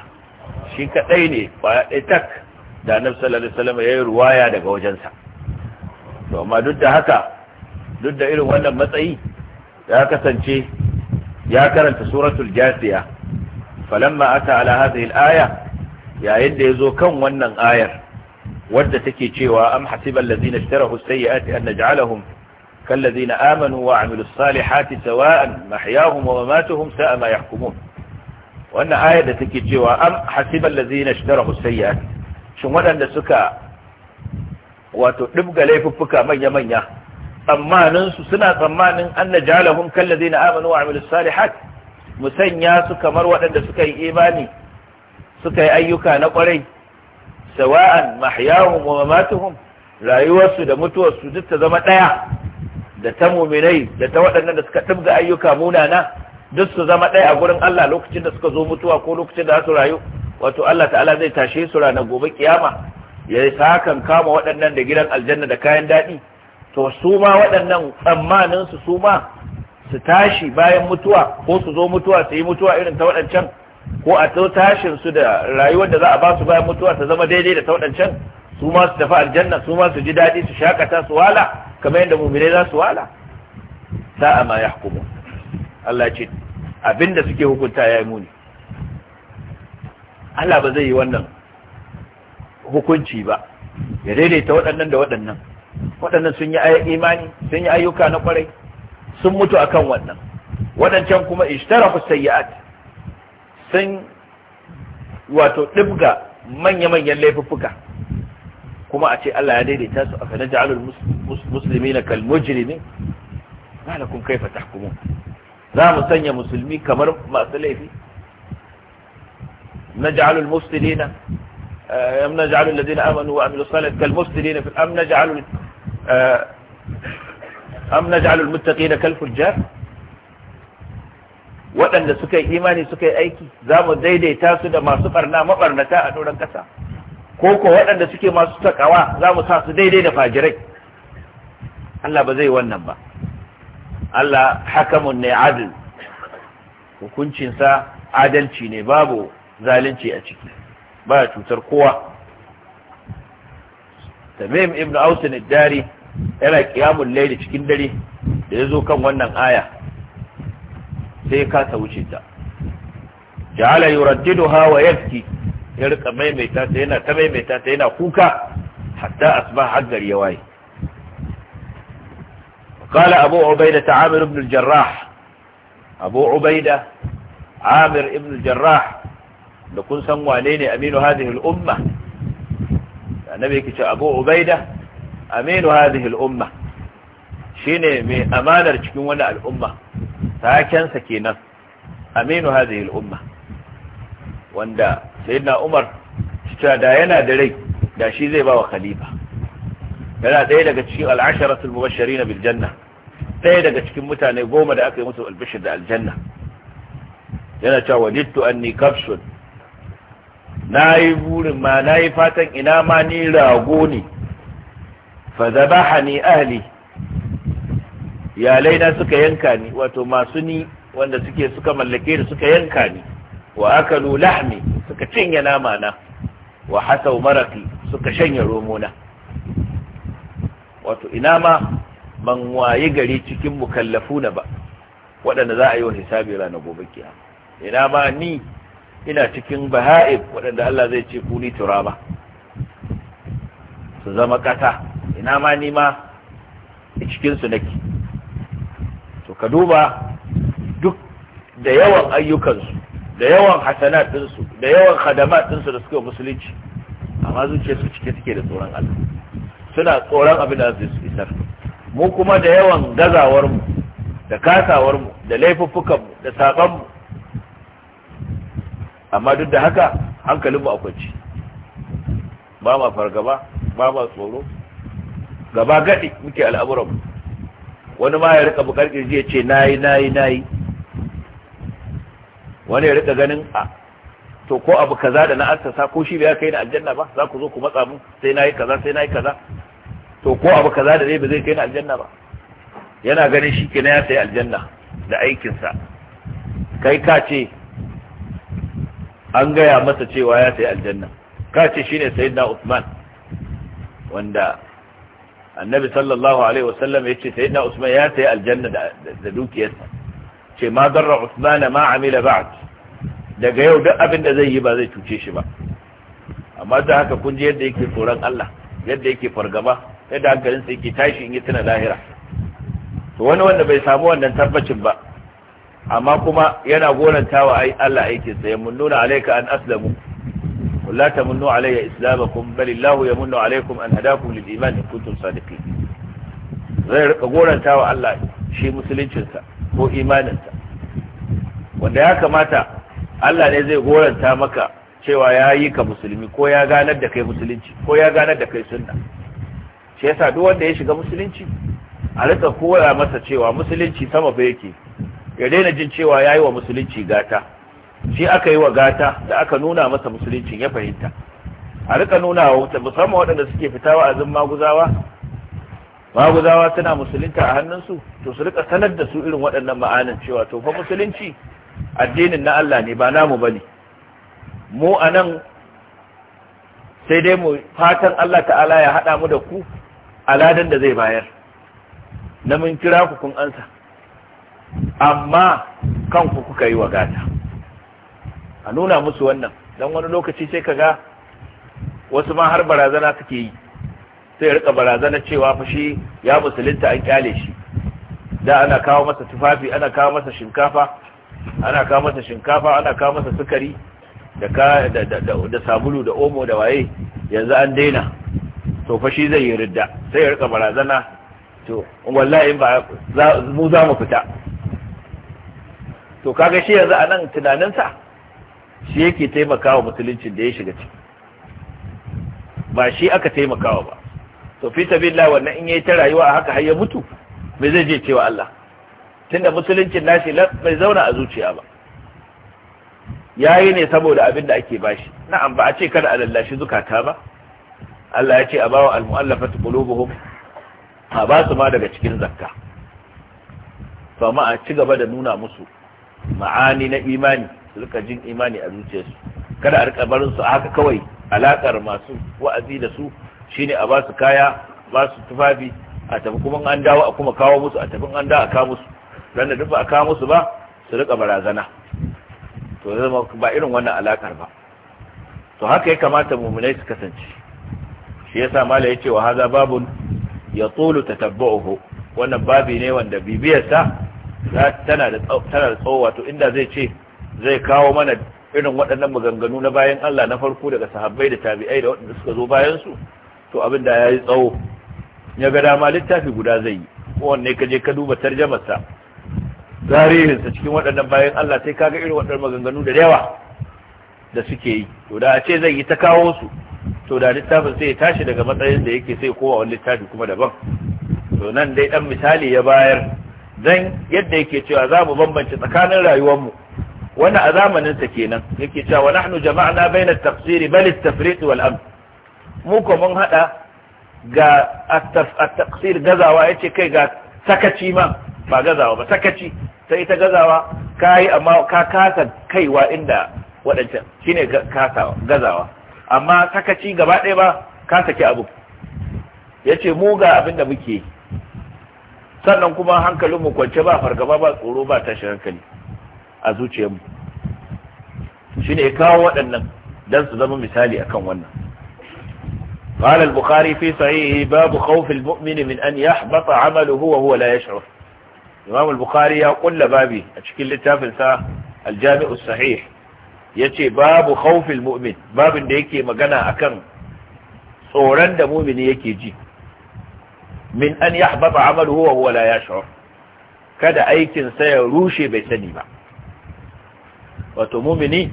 shi kadai ne kwaya ɗaya tak da annabi sallallahu alaihi wasallam ruwaya daga wajensa to amma duk da haka duk da irin wannan matsayi ya kasance ya karanta suratul jasiya falamma ata ala hadhihi al-aya yayin da yazo kan wannan ayar wadda take cewa am hasiba allazina ishtarahu as-sayyi'ati an naj'alahum كالذين آمنوا وعملوا الصالحات سواء محياهم ومماتهم ساء ما يحكمون وأن آية تكي أم حسب الذين اشتروا السيئات شو أن سكا وتطبق ليففك من يمن tsammanin su suna tsammanin anna jalahum kallazina amanu wa amilus salihat musanya su kamar waɗanda suka yi imani suka ayyuka na ƙwarai sawa'an mahyahum wa mamatuhum rayuwarsu da mutuwarsu ta zama ɗaya da ta muminai da ta waɗannan da suka ɗibga ayyuka munana duk su zama ɗaya a gurin Allah lokacin da suka zo mutuwa ko lokacin da su rayu wato Allah ta'ala zai tashe su rana gobe kiyama ya sakan kama waɗannan da gidan aljanna da kayan daɗi to su ma waɗannan tsammanin su su ma su tashi bayan mutuwa ko su zo mutuwa su yi mutuwa irin ta waɗancan ko a to tashin su da rayuwar da za a ba su bayan mutuwa ta zama daidai da ta waɗancan su ma su tafi aljanna su ma su ji daɗi su shakata su wala kamar yadda mu'minai za su wala sa'a ma hukuma. Allah ce abinda suke hukunta ya yi muni Allah ba zai yi wannan hukunci ba ya daidaita waɗannan da waɗannan waɗannan sun yi imani sun yi ayyuka na kwarai sun mutu akan wannan waɗancan kuma ishtarafu sayyi'at sun wato ɗibga manya-manyan laifuffuka kuma a ce Allah ya daidaita su a fanaji ja'alul musulmi na kalmujiri ne malakun kaifa tahkumu za mu sanya musulmi kamar masu laifi na na ja'alul ja'alul am نجعل المفسدين أم نجعل الذين آمنوا وعملوا am na ja'alul am na ja'alul نجعل المتقين كالفجار waɗanda suka yi imani suka yi aiki za mu daidaita su da masu ɓarna maɓarnata a doron ƙasa ko ko waɗanda suke masu takawa za mu sa su daidai da fajirai Allah ba zai wannan ba Allah hakamun ne adil hukuncinsa adalci ne babu zalunci a ciki ba cutar kowa tamim Ibnu ausin dari yana kiyamun laili cikin dare da ya zo kan wannan aya sai ka ta wuce ta ja'ala yuraddiduha wa yabki ya rika ta maimaita ta yana kuka hatta asba hajjar ya waye kala abu ubaida ta amir ibn jarrah abu ubaida amir ibn jarrah da kun san wane ne aminu hadin al'umma annabi yake ce abu ubaida aminu hadin al'umma shine mai amanar cikin wani al'umma taken sa kenan aminu hadin al'umma wanda sayyidina umar cewa da yana da rai da shi zai ba wa khalifa yana ɗaya daga cikin al'asharatul mubashirin na biljanna. ɗaya daga cikin mutane goma da aka yi musu albishir da aljanna yana cewa wajidtu anni Na nayi burin ma nayi fatan ina ma ni rago ne fa zabahani ahli iyalai na suka yanka ni wato masu ni wanda suke suka mallake da suka yanka ni wa akalu lahmi suka cinye nama na wa hasau maraki suka shanye romona wato ina ma ban wayi gari cikin mukallafu na ba waɗanda za a yi wa hisabi ranar gobe kiya ina ma ni ina cikin baha'ib waɗanda Allah zai ce ku ni turaba su zama ƙasa ina ma ni ma cikin su nake to ka duba duk da yawan ayyukansu da yawan hasanatinsu ɗinsu da yawan hadamatinsu ɗinsu da suka musulunci amma zuciya su cike suke da tsoron Allah suna tsoron abin da zai su isar mu kuma da yawan gazawar mu da kasawar mu da laifuffukan mu da saban mu amma duk da haka hankalin mu akwai ba ma fargaba ba ma tsoro gaba gadi muke al'amuran mu wani ma ya rika bukar kirji ya ce nayi nayi nayi wani ya rika ganin a ah, to ko abu kaza da na assasa ko shi ya kai ni aljanna ba za ku zo ku matsa mu sai nayi kaza sai nayi kaza to ko abu kaza da zai ba zai kai ni aljanna ba yana ganin shi na ya sai aljanna da aikinsa kai ka ce an gaya masa cewa ya sai aljanna ka ce shine sayyidina Usman wanda annabi sallallahu alaihi wasallam yace sayyidina Usman ya sai aljanna da dukiyarsa ce ma darra Usman ma amila ba'd daga yau duk abin da zai yi ba zai cuce shi ba amma da haka kun ji yadda yake tsoron Allah yadda yake fargaba yadda sa yake tashi in yi tuna lahira to wani wanda bai samu wannan tabbacin ba amma kuma yana gorantawa ai Allah sai sa nuna alayka an aslamu la tamunnu alayya islamakum illahu yamunnu alaykum an hadakum lil iman in kuntum sadiqin zai rika wa Allah shi musuluncinsa ko imaninsa wanda ya kamata Allah ne zai goranta maka cewa ya yi ka musulmi ko ya ganar da kai musulunci ko ya ganar da kai sunna shi yasa duk wanda ya shiga musulunci a rika koya masa cewa musulunci sama ba yake ya daina jin cewa ya yi wa musulunci gata shi aka yi wa gata da aka nuna masa musulunci ya fahimta a rika nuna wa wuta, musamman waɗanda suke fita wa azin maguzawa maguzawa suna musulunta a hannunsu to su rika sanar da su irin waɗannan ma'anin cewa to fa musulunci addinin na Allah ne ba namu bane mu anan sai dai mu fatan Allah ta'ala ya haɗa mu da ku aladan da zai bayar na mun kira ku kun ansa amma kanku kuka yi wagata a nuna musu wannan don wani lokaci sai ka ga. wasu ma har barazana suke yi sai rika barazana cewa fashe ya musulunta an kyale shi da ana kawo masa tufafi ana kawo masa shinkafa ana kawo masa shinkafa ana kawo masa sukari da da sabulu da omo da waye yanzu an daina to fa shi zai yi ridda sai ya rika barazana to wallahi ba mu za mu fita to kaga shi yanzu anan tunaninsa shi yake taimakawa musuluncin da ya shiga ciki ba shi aka taimakawa ba to fi sabilillah wannan in yayi ta rayuwa haka har ya mutu me zai je cewa Allah tunda musuluncin nashi bai zauna a zuciya ba yayi ne saboda abin da ake bashi na'am ba a ce kada a lallashi zukata ba Allah ya ce a bawa al-mu'allafatu qulubuhum a ba su ma daga cikin zakka to ma a ci gaba da nuna musu ma'ani na imani su rika jin imani a zuciyarsu kada a rika barin su haka kawai alakar masu wa'azi da su shine a ba su kaya ba su tufafi a tafi kuma an dawo a kuma kawo musu a tafi an dawo a kawo musu dan da duk a kawo musu ba su rika barazana to zama ba irin wannan alakar ba to haka ya kamata mu'minai su kasance shi yasa mala yace wa hadha babun yatulu tatabbuhu wannan babi ne wanda bibiyarsa tana da tsawo wato inda zai ce zai kawo mana irin waɗannan maganganu na bayan Allah na farko daga sahabbai da tabi'ai da waɗanda suka zo bayan su to abin da yayi tsawo ya ga dama littafi guda zai yi kowanne ka je ka duba tarjamarsa tarihinsa cikin waɗannan bayan Allah sai kaga irin waɗannan maganganu da yawa da suke yi to da a ce zai yi ta kawo su to da littafin sai ya tashi daga matsayin da yake sai kowa wani littafi kuma daban to nan dai dan misali ya bayar dan yadda yake cewa za mu bambance tsakanin rayuwarmu wani a zamanin sa kenan yake cewa wa nahnu jama'na na at-tafsir bal at-tafriq wal amr mu ko mun hada ga at-tafsir gazawa yace kai ga sakaci ma ba gazawa ba sakaci sai ita gazawa ka yi amma ka kasa kaiwa inda waɗancan shine kasawa gazawa amma sakaci gaba ɗaya ba ka saki abu ya ce mu ga abin da muke sannan kuma hankalinmu kwance ba fargaba ba tsoro ba tashin hankali a zuciyarmu shi ne kawo waɗannan don su zama misali akan wannan قال البخاري في صحيحه باب خوف المؤمن من أن يحبط عمله وهو لا يشعر imam al-bukhari ya kulla babi a cikin littafin sa al-jami'u sahih yace babu khawfil mu'min babin da yake magana akan tsoron da mu'mini yake ji min an yahbata amaluhu wa huwa la yash'ur kada aikin sa ya rushe bai sani ba wato mu'mini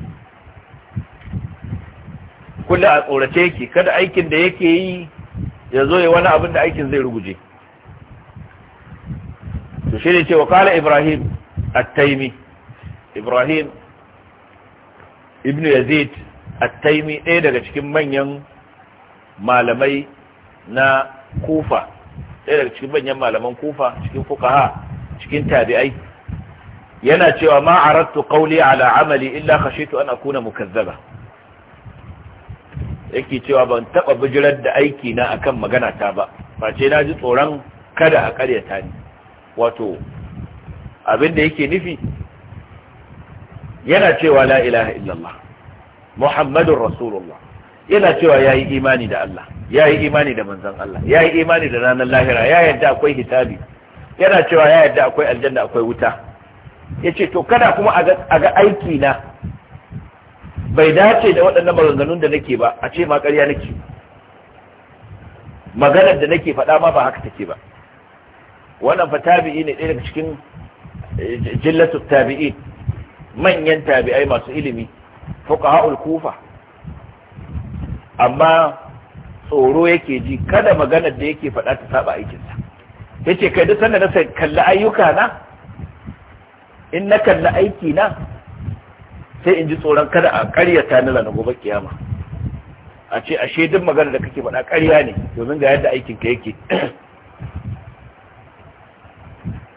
kullu a tsorace yake kada aikin da yake yi ya zo ya wani abin da aikin zai ruguje to shi ne cewa kala ibrahim attaimi ibrahim ibn yazid attaimi ɗaya daga cikin manyan malamai na kufa ɗaya daga cikin manyan malaman kufa cikin fukaha cikin tabi'ai yana cewa ma aradtu qawli ala amali illa khashitu an akuna mukazzaba yake cewa ban taɓa bijirar da aiki na akan magana ta ba face na ji tsoron kada a karyata ni wato abinda yake nufi yana cewa la ilaha illallah muhammadun rasulullah yana cewa ya yi imani da Allah ya yi imani da manzan Allah ya yi imani da ranar lahira ya yadda akwai hitabi yana cewa ya yadda akwai aljanna akwai wuta ya ce to kada kuma a ga aiki na bai dace da waɗannan maganganun da nake ba a ce ma ƙarya nake maganar da nake faɗa ma ba haka take ba wannan fa tabi'i ne daga cikin eh, jillatu tabi'i manyan tabi'ai masu ilimi fuqaha'ul kufa amma tsoro yake ji kada maganar da yake faɗa ta saba aikinsa yace kai duk sanda na sai kalla ayyuka na in na kalla aiki na sai in ji tsoron kada a ta nila na gobe kiyama a ce ashe duk maganar da kake faɗa ƙarya ne domin ga yadda aikinka yake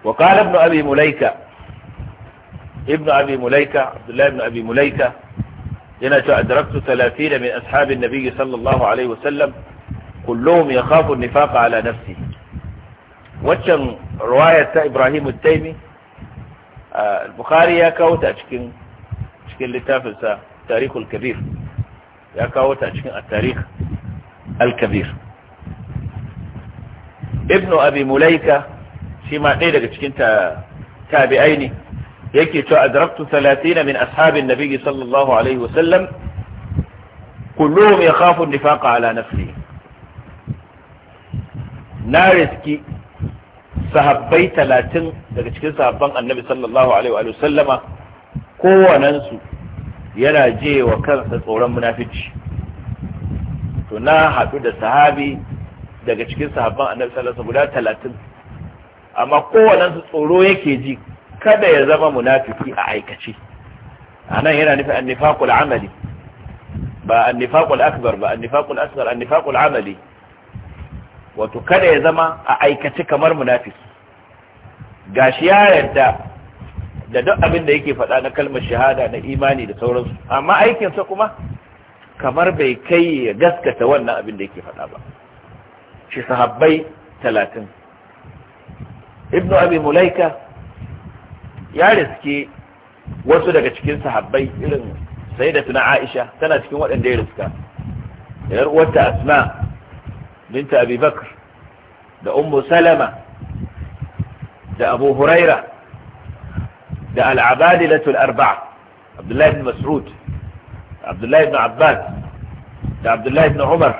وقال ابن أبي مليكة ابن أبي مليكة عبد الله ابن أبي مليكة إن أدركت ثلاثين من أصحاب النبي صلى الله عليه وسلم كلهم يخاف النفاق على نفسه وشن رواية إبراهيم التيمي آه، البخاري يكاوت أشكين أشكين لتافل تاريخ الكبير يكاوت أشكين التاريخ الكبير ابن أبي مليكة shi ma ɗaya daga cikin tabi'ai ne yake cewa adraktu 30 min ashabin nabi sallallahu alaihi wasallam kulluhum yakhafu nifaqa ala nafsihi na riski sahabbai 30 daga cikin sahabban annabi sallallahu alaihi wa sallama kowanansu yana je wa kansa tsoron munafici to na haɗu da sahabi daga cikin sahabban annabi sallallahu alaihi wa sallama guda 30 amma kowane tsoro yake ji kada ya zama munafiki a aikace anan yana nufin annifaqul amali ba annifaqul akbar ba annifaqul asghar annifaqul amali wato kada ya zama a aikace kamar munafiki gashi ya yarda da duk abin da yake faɗa na kalmar shahada na imani da sauransu amma aikinsa kuma kamar bai kai ya gaskata wannan abin da yake faɗa ba shi sahabbai talatin ibnu abi mulaika ya riske wasu daga cikin sahabbai irin sayyidatuna aisha tana cikin waɗanda ya riska yar uwarta asma binta abi bakr da ummu salama da abu huraira da al'abadilatul arba'a abdullahi ibn mas'ud abdullahi ibn abbas da abdullahi ibn umar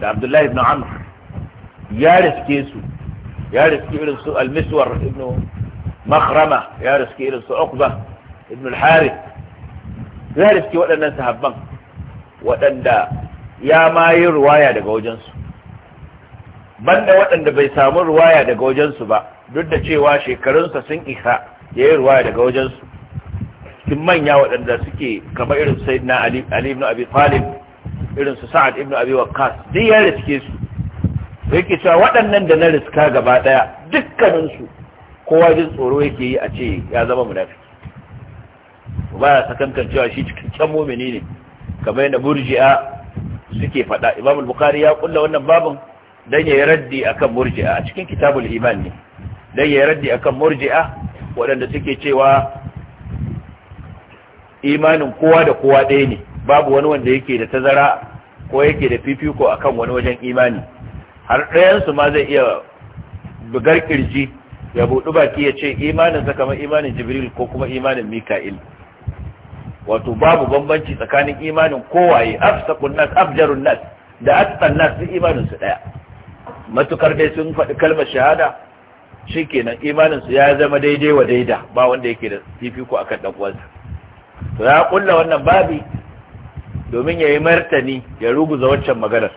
da abdullahi ibn amr ya riske su ya riski irin su al ibn Makrama, ya riski irin su uqba ibn al-harith ya riski waɗannan sahabban waɗanda ya ma yi ruwaya daga wajensu banda waɗanda bai samu ruwaya daga wajensu ba duk da cewa shekarunsa sun isa ya yi ruwaya daga wajensu cikin manya waɗanda suke kama irin sayyidina ali ibn abi talib irin su sa'ad ibn abi waqqas duk ya riske su yake cewa waɗannan da na riska gaba ɗaya dukkaninsu kowa jin tsoro yake yi a ce ya zama munafiki ba ya sakankan cewa shi cikakken mumini ne kamar yadda murji'a suke faɗa imamul bukhari ya kulla wannan babin dan yayi raddi akan murji'a a cikin kitabul iman ne dan yayi raddi akan murji'a waɗanda suke cewa imanin kowa da kowa ɗaya ne babu wani wanda yake da tazara ko yake da fifiko akan wani wajen imani har ɗayansu ma zai iya bugar kirji ya buɗi baki ya ce sa kamar imanin jibril ko kuma imanin mika'il wato babu bambanci tsakanin imanin kowaye afsakun nas abjarun nas da atsan nas su imanin su daya matukar dai sun faɗi kalmar shahada shikenan imanin su ya zama daidai wa daida ba wanda yake da fifiko akan dan uwansa to ya kulla wannan babi domin yayi martani ya ruguza waccan maganar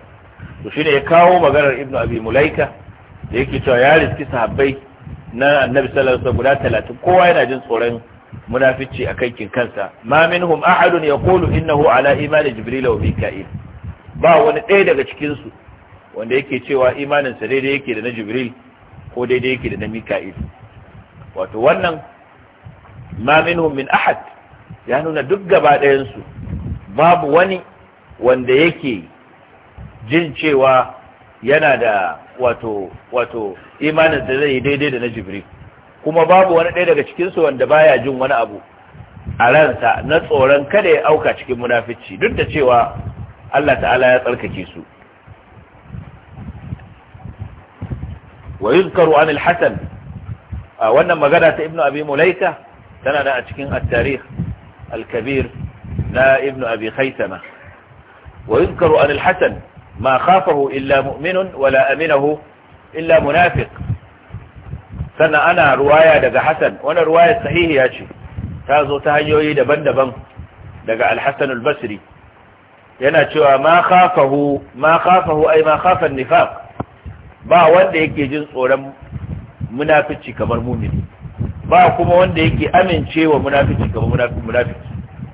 to ne ya kawo maganar ibnu abi mulaika da yake cewa ya riski sahabbai na annabi sallallahu alaihi guda talatin, kowa yana jin tsoron munafici a kankin kansa ma minhum ahadun yaqulu innahu ala imani jibril wa mika'il ba wani ɗaya daga cikin su wanda yake cewa imanin sa daidai yake da na jibril ko daidai yake da na mika'il wato wannan ma minhum min ahad ya nuna duk gaba ɗayan su babu wani wanda yake jin cewa yana da wato wato imanin da zai daidai da na jibril kuma babu wani ɗaya daga cikin su wanda baya jin wani abu a ransa na tsoron kada ya auka cikin munafici duk da cewa Allah ta'ala ya tsarkake su wa yuzkaru anil hasan wannan magana ta ibnu abi mulaika tana da a cikin at-tarikh al-kabir na ibnu abi khaisama wa yuzkaru anil hasan ma khafahu illa mu'minun wala aminahu illa munafiq ana ruwaya daga Hassan wannan ruwayar sahihiya ce ta zo ta hanyoyi daban-daban daga al-Hasan yana cewa ma khafahu ma khafahu ay ma ba wanda yake jin tsoron munafici kamar mumini ba kuma wanda yake amincewa munafici kamar munafici,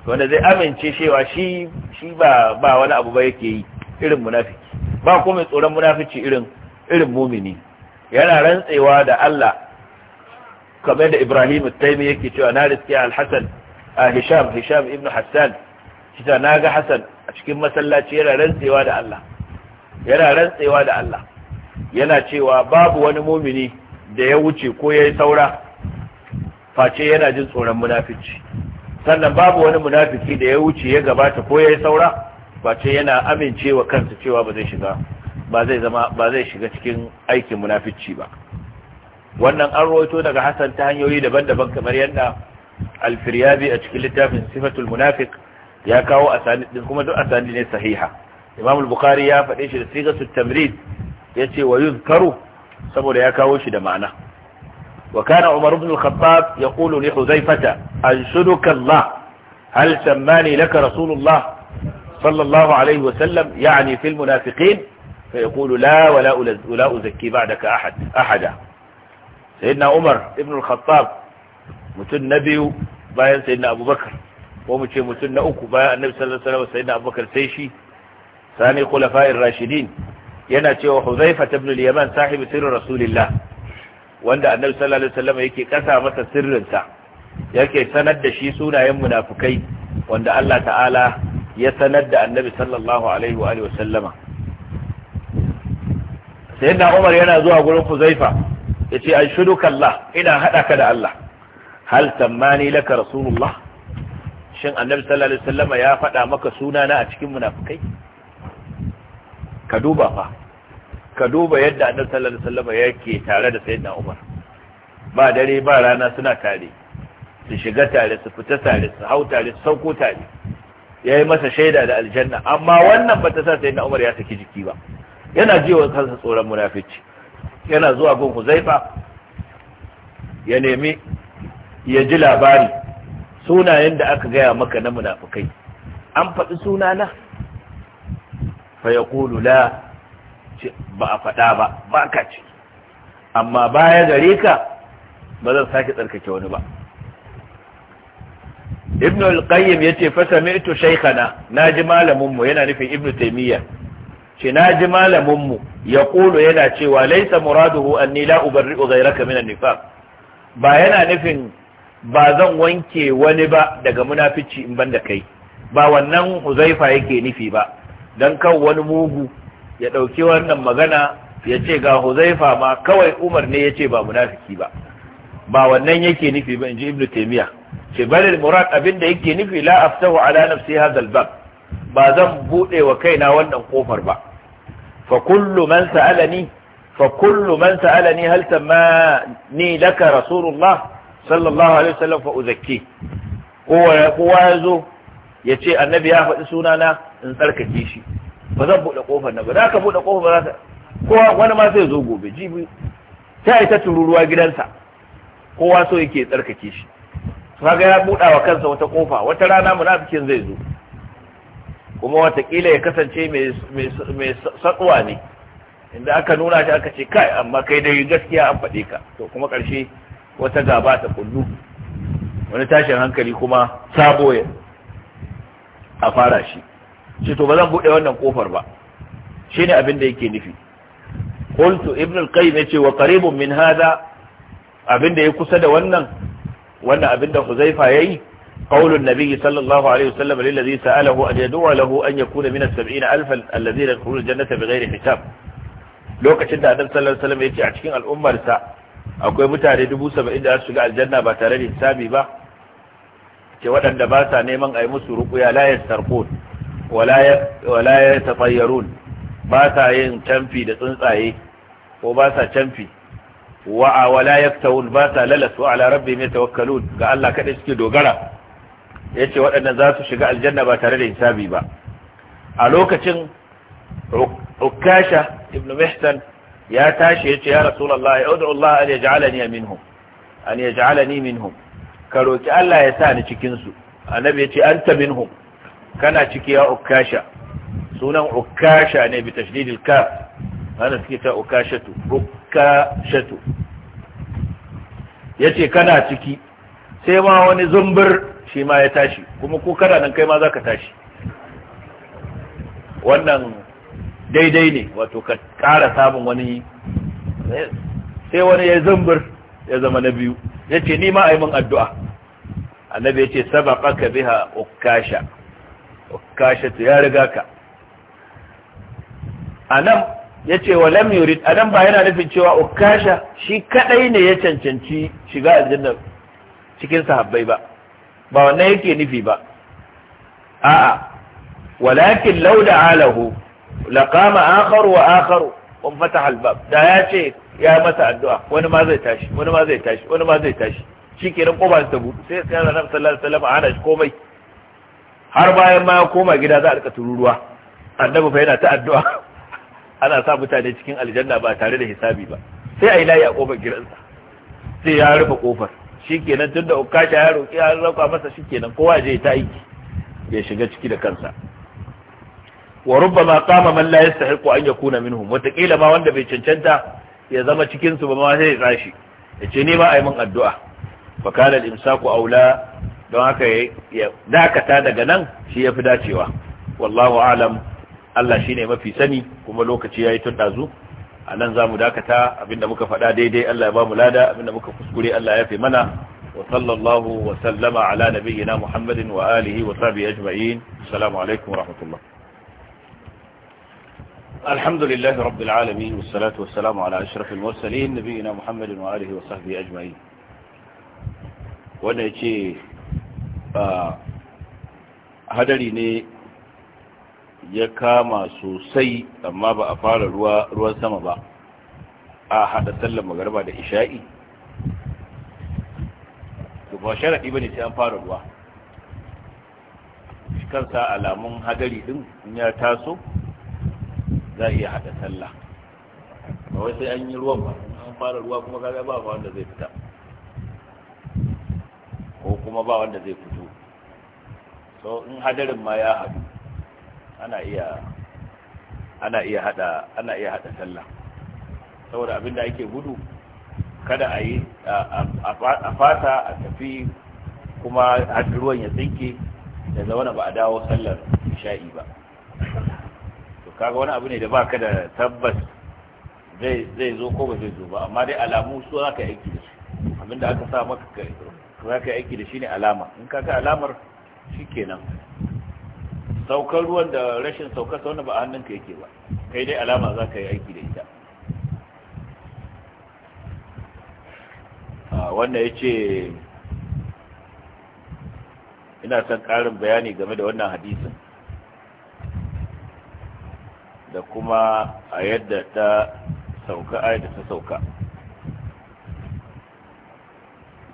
wanda zai amince cewa shi shi ba ba wani abu ba yake yi irin munafiki ba ko tsoron munafici irin irin mumini yana rantsewa da Allah kamar da Ibrahim Taimi yake cewa na riski Al-Hasan a Hisham Hisham ibn Hassan na ga Hassan a cikin masallaci yana rantsewa da Allah yana rantsewa da Allah yana cewa babu wani mumini da ya wuce ko yayi saura face yana jin tsoron munafici sannan babu wani munafiki da ya wuce ya gabata ko yayi saura face yana amincewa kansa cewa ba zai shiga ba zai zama ba zai shiga cikin aikin munafici ba wannan an rawaito daga Hassan ta hanyoyi daban-daban kamar yadda al-Firyabi a cikin littafin Sifatul Munafiq ya kawo asanid din kuma duk asanid ne sahiha Imam al-Bukhari ya faɗe shi da sigatul tamrid yace wa yuzkaru saboda ya kawo shi da ma'ana wa kana Umar ibn al-Khattab yaqulu li Hudhaifah anshuduka Allah hal sammani laka Rasulullah صلى الله عليه وسلم يعني في المنافقين فيقول لا ولا لا أزكي بعدك أحد أحدا سيدنا عمر ابن الخطاب متن نبي باين سيدنا أبو بكر ومتن متن أكو باين النبي صلى الله عليه وسلم سيدنا أبو بكر سيشي ثاني خلفاء الراشدين يناتي وحذيفة ابن اليمن صاحب سر رسول الله وأن النبي صلى الله عليه وسلم يكي كسا مسا سر سا يكي سند شي سونا يم منافقين وأن الله تعالى ya sanar da annabi sallallahu alaihi wa sallama sai na umar yana zuwa gurin huzaifa ya ce an shudu kalla, ina haɗa ka da Allah hal sammani laka rasulullah shin annabi sallallahu alaihi wasallama ya faɗa maka suna na a cikin munafukai ka duba fa ka duba yadda annabi sallallahu alaihi wasallama yake tare da sayyidina umar ba dare ba rana suna tare su shiga tare su fita tare su hau tare su sauko tare ya yi masa shaida da aljanna amma wannan ba ta sa sai na umar ya saki jiki ba yana jiwa kansa tsoron munafici yana zuwa gun huzaifa ya nemi ya ji labari sunayen da aka gaya maka na munafukai an faɗi sunana fa ya la ba a faɗa ba ba ka ce amma baya gare ka ba zan sake tsarkake wani ba ibn al-qayyim yace fa sami'tu shaykhana naji malamin mu yana nufin ibn taymiya ce naji malamin mu yaqulu yana cewa laisa muraduhu anni la ubarri'u ghayraka min an-nifaq ba yana nufin ba zan wanke wani ba daga munafici in banda kai ba wannan huzaifa yake nufi ba dan kan wani mugu ya dauki wannan magana ya ce ga huzaifa ma kawai umar ne ya ce ba munafiki ba ba wannan yake nufi ba in ji ibn taymiya ce balil murad abinda yake nufi la aftahu ala nafsi hadha albab ba zan bude wa kaina wannan kofar ba fa kullu man sa'alani fa kullu man sa'alani hal tamani laka rasulullah sallallahu alaihi wasallam fa uzakki kowa ya kowa ya ce annabi ya faɗi sunana in tsarkake shi ba zan bude kofar na ba za ka bude kofar ba za ka kowa wani ma sai zo gobe jibi sai ta tururuwa gidansa kowa so yake tsarkake shi kaga ya buɗa wa kansa wata kofa wata rana munafikin zai zo kuma watakila ya kasance mai satsuwa ne inda aka nuna shi aka ce kai amma kai dai gaskiya an faɗe ka to kuma ƙarshe wata gaba ta kullu wani tashin hankali kuma sabo ya a fara shi shi to ba zan buɗe wannan kofar ba shi ne abin da yake nufi qultu ibn al-qayyim yace wa qaribun min hada abin da ya kusa da wannan wannan abin abinda huzaifa yayi qaulun nabiyyi sallallahu alaihi wasallam lil ladhi sa'alahu an yad'u lahu an yakuna min as-70 alf alladhina yadkhuluna al-jannata bighairi hisab lokacin da annabi sallallahu alaihi wasallam yace a cikin al'ummar sa akwai mutane 70 da su shiga aljanna ba tare da hisabi ba ce waɗanda ba sa neman a yi musu ruƙuya la yastarqun wala ya tafayyarun ba sa yin canfi da tsuntsaye ko ba sa canfi wa wala yaftawun ba sa lalasu ala rabbihim yatawakkalun ga Allah kaɗai suke dogara yace waɗannan za su shiga aljanna ba tare da hisabi ba a lokacin ukasha ibn mihsan ya tashi yace ya rasulullahi ud'u Allah an yaj'alani minhum an yaj'alani minhum ka roki Allah ya sa ni cikin su annabi yace anta minhum kana ciki ya ukasha sunan ukasha ne bi tashdidil kaf ana suke ta ukashatu shatu. ya ce kana ciki sai ma wani zumbir shi ma ya tashi kuma ko kana nan kai ma za ka tashi wannan daidai ne wato ka ƙara samun wani sai wani ya zumbir ya zama na biyu ya ce ni ma a yi min addu'a annabi ya ce sababa ka biha ukasha ukasha ya riga ka a nan ya ce wa lam yurid a nan ba yana nufin cewa ukasha shi kadai ne ya cancanci shiga aljanna cikin sahabbai ba ba wannan yake nufi ba a'a walakin law da alahu laqama akhar wa akhar wa fataha albab da ya ce ya masa addu'a wani ma zai tashi wani ma zai tashi wani ma zai tashi shi shikenan koba ta budu sai sai Annabi sallallahu alaihi wasallam ana shi komai har bayan ma ya koma gida za a rika tururuwa annabi fa yana ta addu'a ana sa mutane cikin aljanna ba tare da hisabi ba sai a yi layi a kofar gidansa sai ya rufe kofar tun da ukasha ya roƙi ya rauka masa shi kenan kowa je ta aiki ya shiga ciki da kansa wa rubbama qama man la yastahiqu an yakuna minhum wataƙila ma wanda bai cancanta ya zama cikin su ba ma sai ya tsashi ya ce ne ma a yi min addu'a fa kana al-imsaku aula don haka ya dakata daga nan shi yafi dacewa wallahu alam Allah shi shine mafi sani kuma lokaci ya yayi tun dazu a nan za mu dakata abinda muka faɗa daidai Allah ya ba mu lada abinda muka kuskure Allah ya fi mana wa sallallahu wa sallama ala nabiyyina Muhammadin wa alihi wa sahbihi ajma'in assalamu alaikum wa rahmatullah alhamdulillahi rabbil alamin wa salamu ala ashrafil mursalin nabiyyina Muhammadin wa alihi wa sahbihi ajma'in wannan yace ah, hadari ne ya kama sosai amma ba a fara ruwan sama ba a hada sallar magarba da isha'i ba sharaɗi ba ne sai an fara ruwa kansa alamun hadari din in ya taso za a iya hada sallah ba wai sai an yi ruwan ba an fara ruwa kuma kaga ba wanda zai fita ko kuma ba wanda zai fito so in hadarin ma ya haɗu ana iya ana iya hada ana iya hada sallah saboda abinda ake gudu kada a yi a fata a tafi kuma ruwan ya tsinke da zaune ba a dawo sallar isha'i ba to kaga wani abu ne da baka da tabbas zai zo ko ba zai zo ba amma dai alamu su za ka aiki da su abinda aka sa maka ka yi aiki da shi ne alama in kaga alamar shi kenan saukar ruwan da rashin saukar sauna ba a hannunka yake ba kai dai alama za ka yi aiki da ita ah, wanda ya ce ina son ƙarin bayani game da wannan hadisin da kuma a yadda ta sauka a yadda ta sauka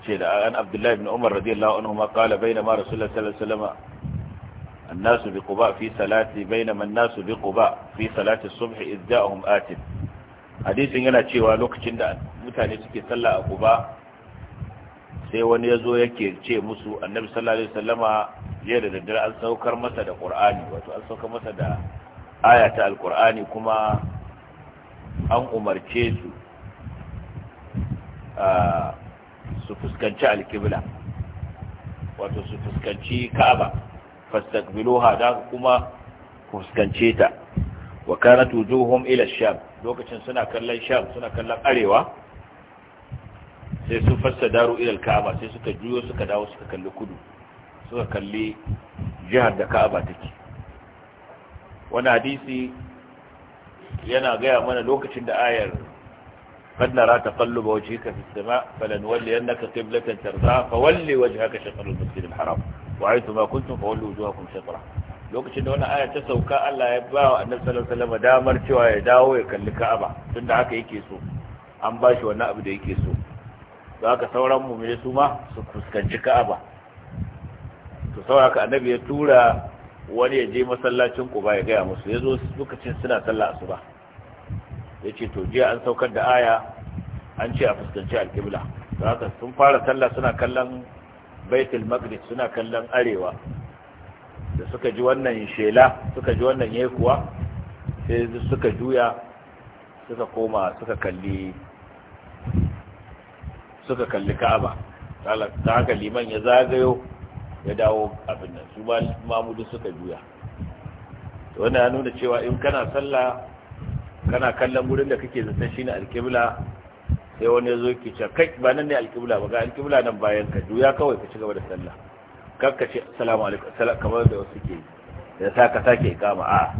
ce da an abdullahi bin umar radiyallahu anhu ma kala bai ma rasulullah sallallahu alaihi wasallam الناس بقباء في صلاة بينما الناس بقباء في صلاة الصبح إذ جاءهم آتم hadisin yana cewa lokacin da mutane suke sallah a kuba sai wani ya zo yake ce musu annabi sallallahu alaihi wasallama jiya da daddare an saukar masa da qur'ani wato an saukar masa da aya ta alqur'ani kuma an umarce su su fuskanci alkibla wato su fuskanci ka'aba fastaqbiluha da kuma fuskance ta wa kanat wujuhum ila sham lokacin suna kallon sham suna kallon arewa sai su fassa daru ila ka'aba sai suka juyo suka dawo suka kalli kudu suka kalli jihar da ka'aba take wani hadisi yana gaya mana lokacin da ayar قد نرى تقلب وجهك في السماء فلنولينك قبلة ترضاها فولي وجهك شطر المسجد haram. wa aitu ma kuntum fa wallu wujuhakum shatra lokacin da wannan aya ta sauka Allah ya ba wa annabi sallallahu alaihi wasallam damar cewa ya dawo ya kalli Ka'aba tunda haka yake so an ba shi wannan abu da yake so don haka sauran mu'mini su ma su fuskanci Ka'aba to saboda annabi ya tura wani ya je masallacin Quba ya gaya musu yazo lokacin suna sallah asuba yace to jiya an saukar da aya an ce a fuskanci alƙibla don haka sun fara sallah suna kallon baitul maqdis suna kallon arewa da suka ji wannan shela suka ji wannan yekuwa sai suka juya suka koma suka kalli suka kalli ka'aba ta haka liman ya zagayo ya dawo abin nan su ba mamudu suka juya wannan ya nuna cewa in kana sallah kana kallon gurin da kake zaton shine alkibla sai wani ya zo ki ce kai ba nan ne alƙibla ba ga alƙibla nan bayan ka juya kawai ka ci gaba da sallah kar ka ce assalamu alaikum kamar da wasu ke da sa ka sake ikama a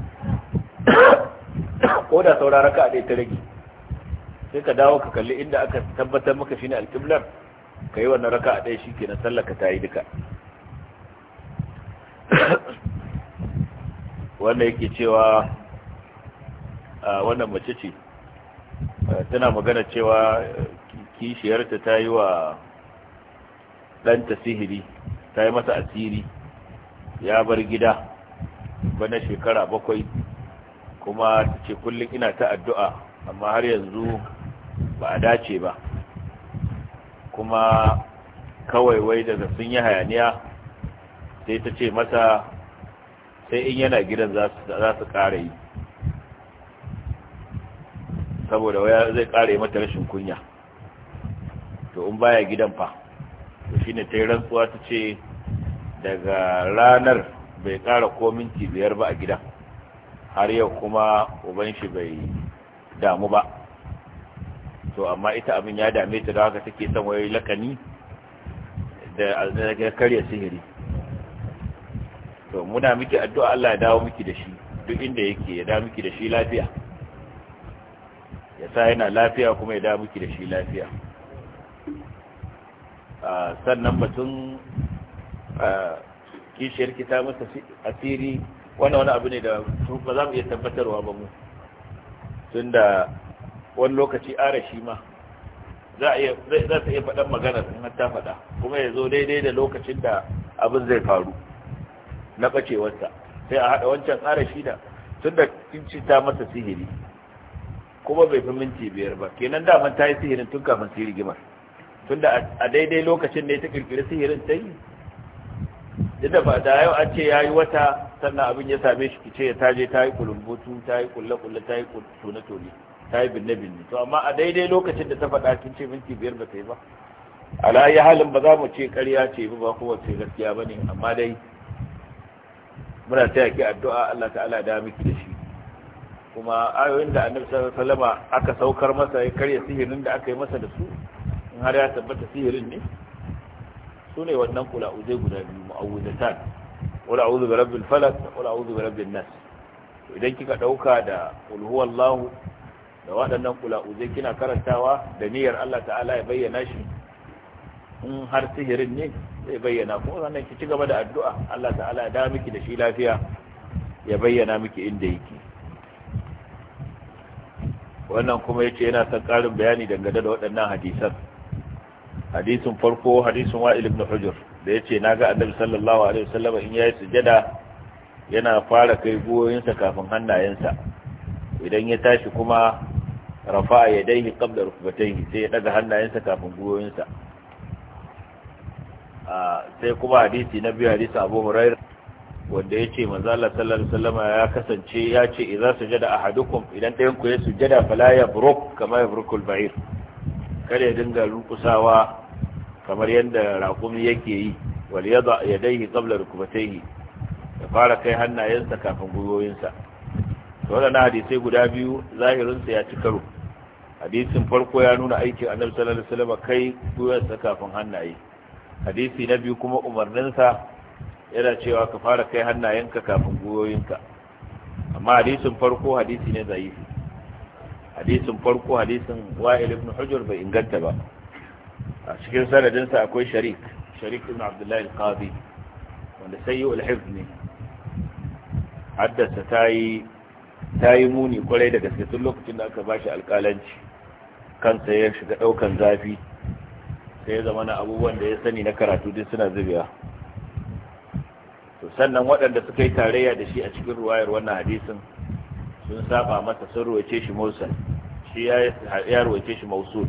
[coughs] ko da saura raka a ɗaya ta rage sai ka dawo ka kalli inda aka tabbatar maka shine alƙiblar ka yi wannan raka a ɗaya shi ke na sallah ka ta yi duka [coughs] wanda yake cewa wannan mace ce tana magana cewa kishiyarta ta yi wa ɗanta sihiri ta yi masa asiri ya bar gida bana shekara bakwai kuma ta ce kullum ina ta addu'a amma har yanzu ba a dace ba kuma kawai wai daga sun yi hayaniya sai ta ce masa sai in yana gidan za su ƙara yi saboda waya zai kare mata rashin kunya to in baya gidan fa to shine ta rantsuwa ta ce daga ranar bai kara ko minti biyar ba a gidan har yau kuma uban shi bai damu ba to amma ita abin ya dame ta da haka take son wai lakani da karya sihiri to muna miki addu'a Allah ya dawo miki da shi duk inda yake ya dawo miki da shi lafiya ya sa yana lafiya kuma ya da miki da shi lafiya sannan batun kishiyar kita masa asiri wani wani abu ne da ba za mu iya tabbatarwa ba mu tun da wani lokaci ara shi ma za a iya faɗan magana sun hatta faɗa kuma ya zo daidai da lokacin da abin zai faru na ɓacewarsa sai a haɗa wancan ara shi da tun da kin cita masa sihiri kuma bai fi minti biyar ba kenan daman ta yi sihirin tun kafin su yi rigimar tun da a daidai lokacin da ya ta kirkiri sihirin ta yi yadda ba da yau an ce ya yi wata sannan abin ya same shi kice ya taje ta yi kulumbutu ta yi kulle-kulle ta yi tone-tone ta yi binne-binne to amma a daidai lokacin da ta faɗa kin ce minti biyar ba ta yi ba layi halin ba za mu ce ƙarya ce ba kowace gaskiya ba ne amma dai muna ta yaƙi addu'a Allah ta'ala da miki da shi kuma ayoyin da annabi sallallahu alaihi wasallam aka saukar masa ya karya sihirin da aka yi masa da su in har ya tabbata sihirin ne su ne wannan kula uzai guda biyu mu'awwidatan qul a'udhu bi rabbil falaq wala a'udhu bi rabbin nas idan kika dauka da qul huwallahu da waɗannan kula uzai kina karantawa da niyyar Allah ta'ala ya bayyana shi in har sihirin ne zai bayyana kuma sannan ki ci gaba da addu'a Allah ta'ala ya da miki da shi lafiya ya bayyana miki inda yake wannan kuma ce yana son karin bayani dangane da waɗannan hadisan hadisin farko hadisin wa'il ibn hujr da yace naga annabi sallallahu alaihi wasallam in yayi sujada yana fara kai guwoyinsa kafin hannayensa idan ya tashi kuma rafa'a yadayhi qabla rukbatayhi sai ya daga hannayensa kafin guwoyinsa ah, sai kuma hadisi na biyu hadisi Abu Hurairah wanda ya ce manzala sallallahu salama ya kasance ya ce idan su jada a hadukun idan ɗayanku ya sujada fala ya buruk kamar ya ba'ir kada ya dinga rukusawa kamar yadda raƙumi yake yi wal ya da qabla rukbatayhi ya fara kai hannayensa kafin gwiwoyinsa wannan hadisai guda biyu zahirinsa ya ci karo hadisin farko ya nuna aikin annabi sallallahu alaihi wasallama kai gwiwarsa kafin hannaye hadisi na biyu kuma umarninsa yana cewa ka fara kai hannayenka kafin gwiwoyinka amma hadisin farko hadisi ne zaifi hadisin farko hadisin wa'il ibn hujjar bai inganta ba a cikin sanadinsa akwai sharik sharik ibn abdullahi al-qadi wanda sai yi ulhif ne haddasa ta yi muni kwarai da gaske tun lokacin da aka ba shi alkalanci kansa ya shiga ɗaukan zafi sai ya zama na abubuwan da ya sani na karatu duk suna zubewa to sannan waɗanda suka yi tarayya da shi a cikin ruwayar wannan hadisin sun saba masa sun ruwace shi mursal shi ya ruwace shi mausul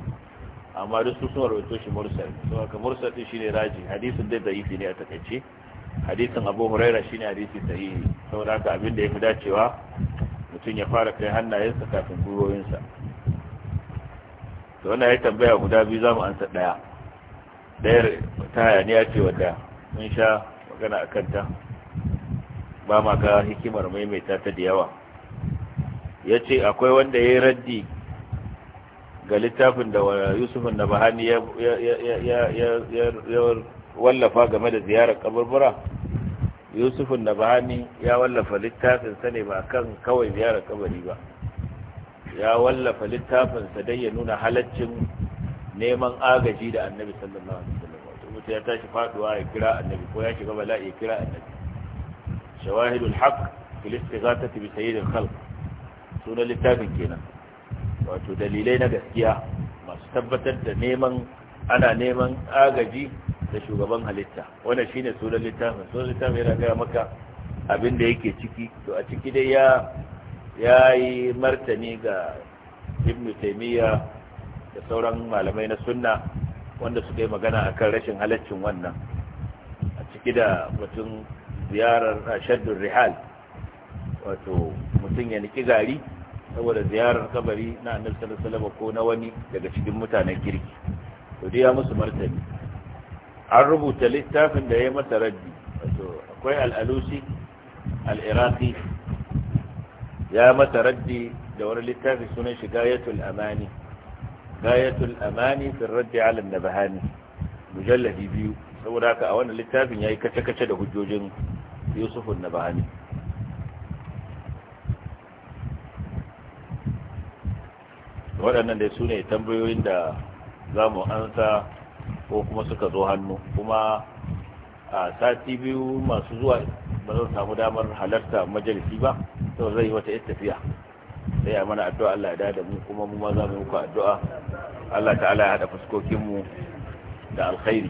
amma duk su sun ruwace shi mursal to haka mursal din shine raji hadisin dai da'ifi ne a takaice hadisin Abu Huraira shine hadisi sahihi saboda haka abin da ya fi dacewa mutum ya fara kai hannayensa kafin gwiwowinsa. to wannan ya tambaya guda biyu za mu ansa ɗaya. Ɗayar ta ya ce wadda mun sha magana a kanta. ba ma ga hikimar maimaita ta da yawa ya ce akwai wanda ya yi raddi ga littafin da yusufin na bahani ya wallafa game da ziyarar kaburbura yusufin na bahani ya wallafa littafinsa ne ba kan kawai ziyarar kabari ba ya wallafa littafinsa don ya nuna halaccin neman agaji da annabi sallallahu alaihi wasallam mutum ya tashi faduwa ya kira annabi ko ya shiga bala'i ya kira annabi shawahidul haq fil istighathati bi sayyidil khalq sunan littafin kenan wato dalilai na gaskiya masu tabbatar da neman ana neman agaji da shugaban halitta wannan shine sunan littafin sunan littafin yana ga maka abin da yake ciki to a ciki dai ya yayi martani ga ibnu taymiya da sauran malamai na sunna wanda su yi magana akan rashin halaccin wannan a ciki da mutum ziyarar shaddun rihal wato mutum ya niki gari saboda ziyarar kabari na annabtar sallallahu alaihi ko na wani daga cikin mutanen kirki to dai ya musu martani an rubuta littafin da ya masa raddi wato akwai al'alusi alusi ya masa raddi da wani littafi sunan shi gayatul amani gayatul amani fi raddi ala nabahani mujalladi biyu saboda haka a wannan littafin yayi kace-kace da hujjojin Yusuf na bahani. waɗannan dai ne tambayoyin da za mu ansa ko kuma suka zo hannu kuma a sati biyu masu zuwa ba zan samu damar halarta majalisi ba sau zai yi wata ita tafiya sai a mana addu'a Allah ya da mu kuma mu ma za mu yi muku addu'a Allah ta'ala ya haɗa fuskokinmu da alkhairi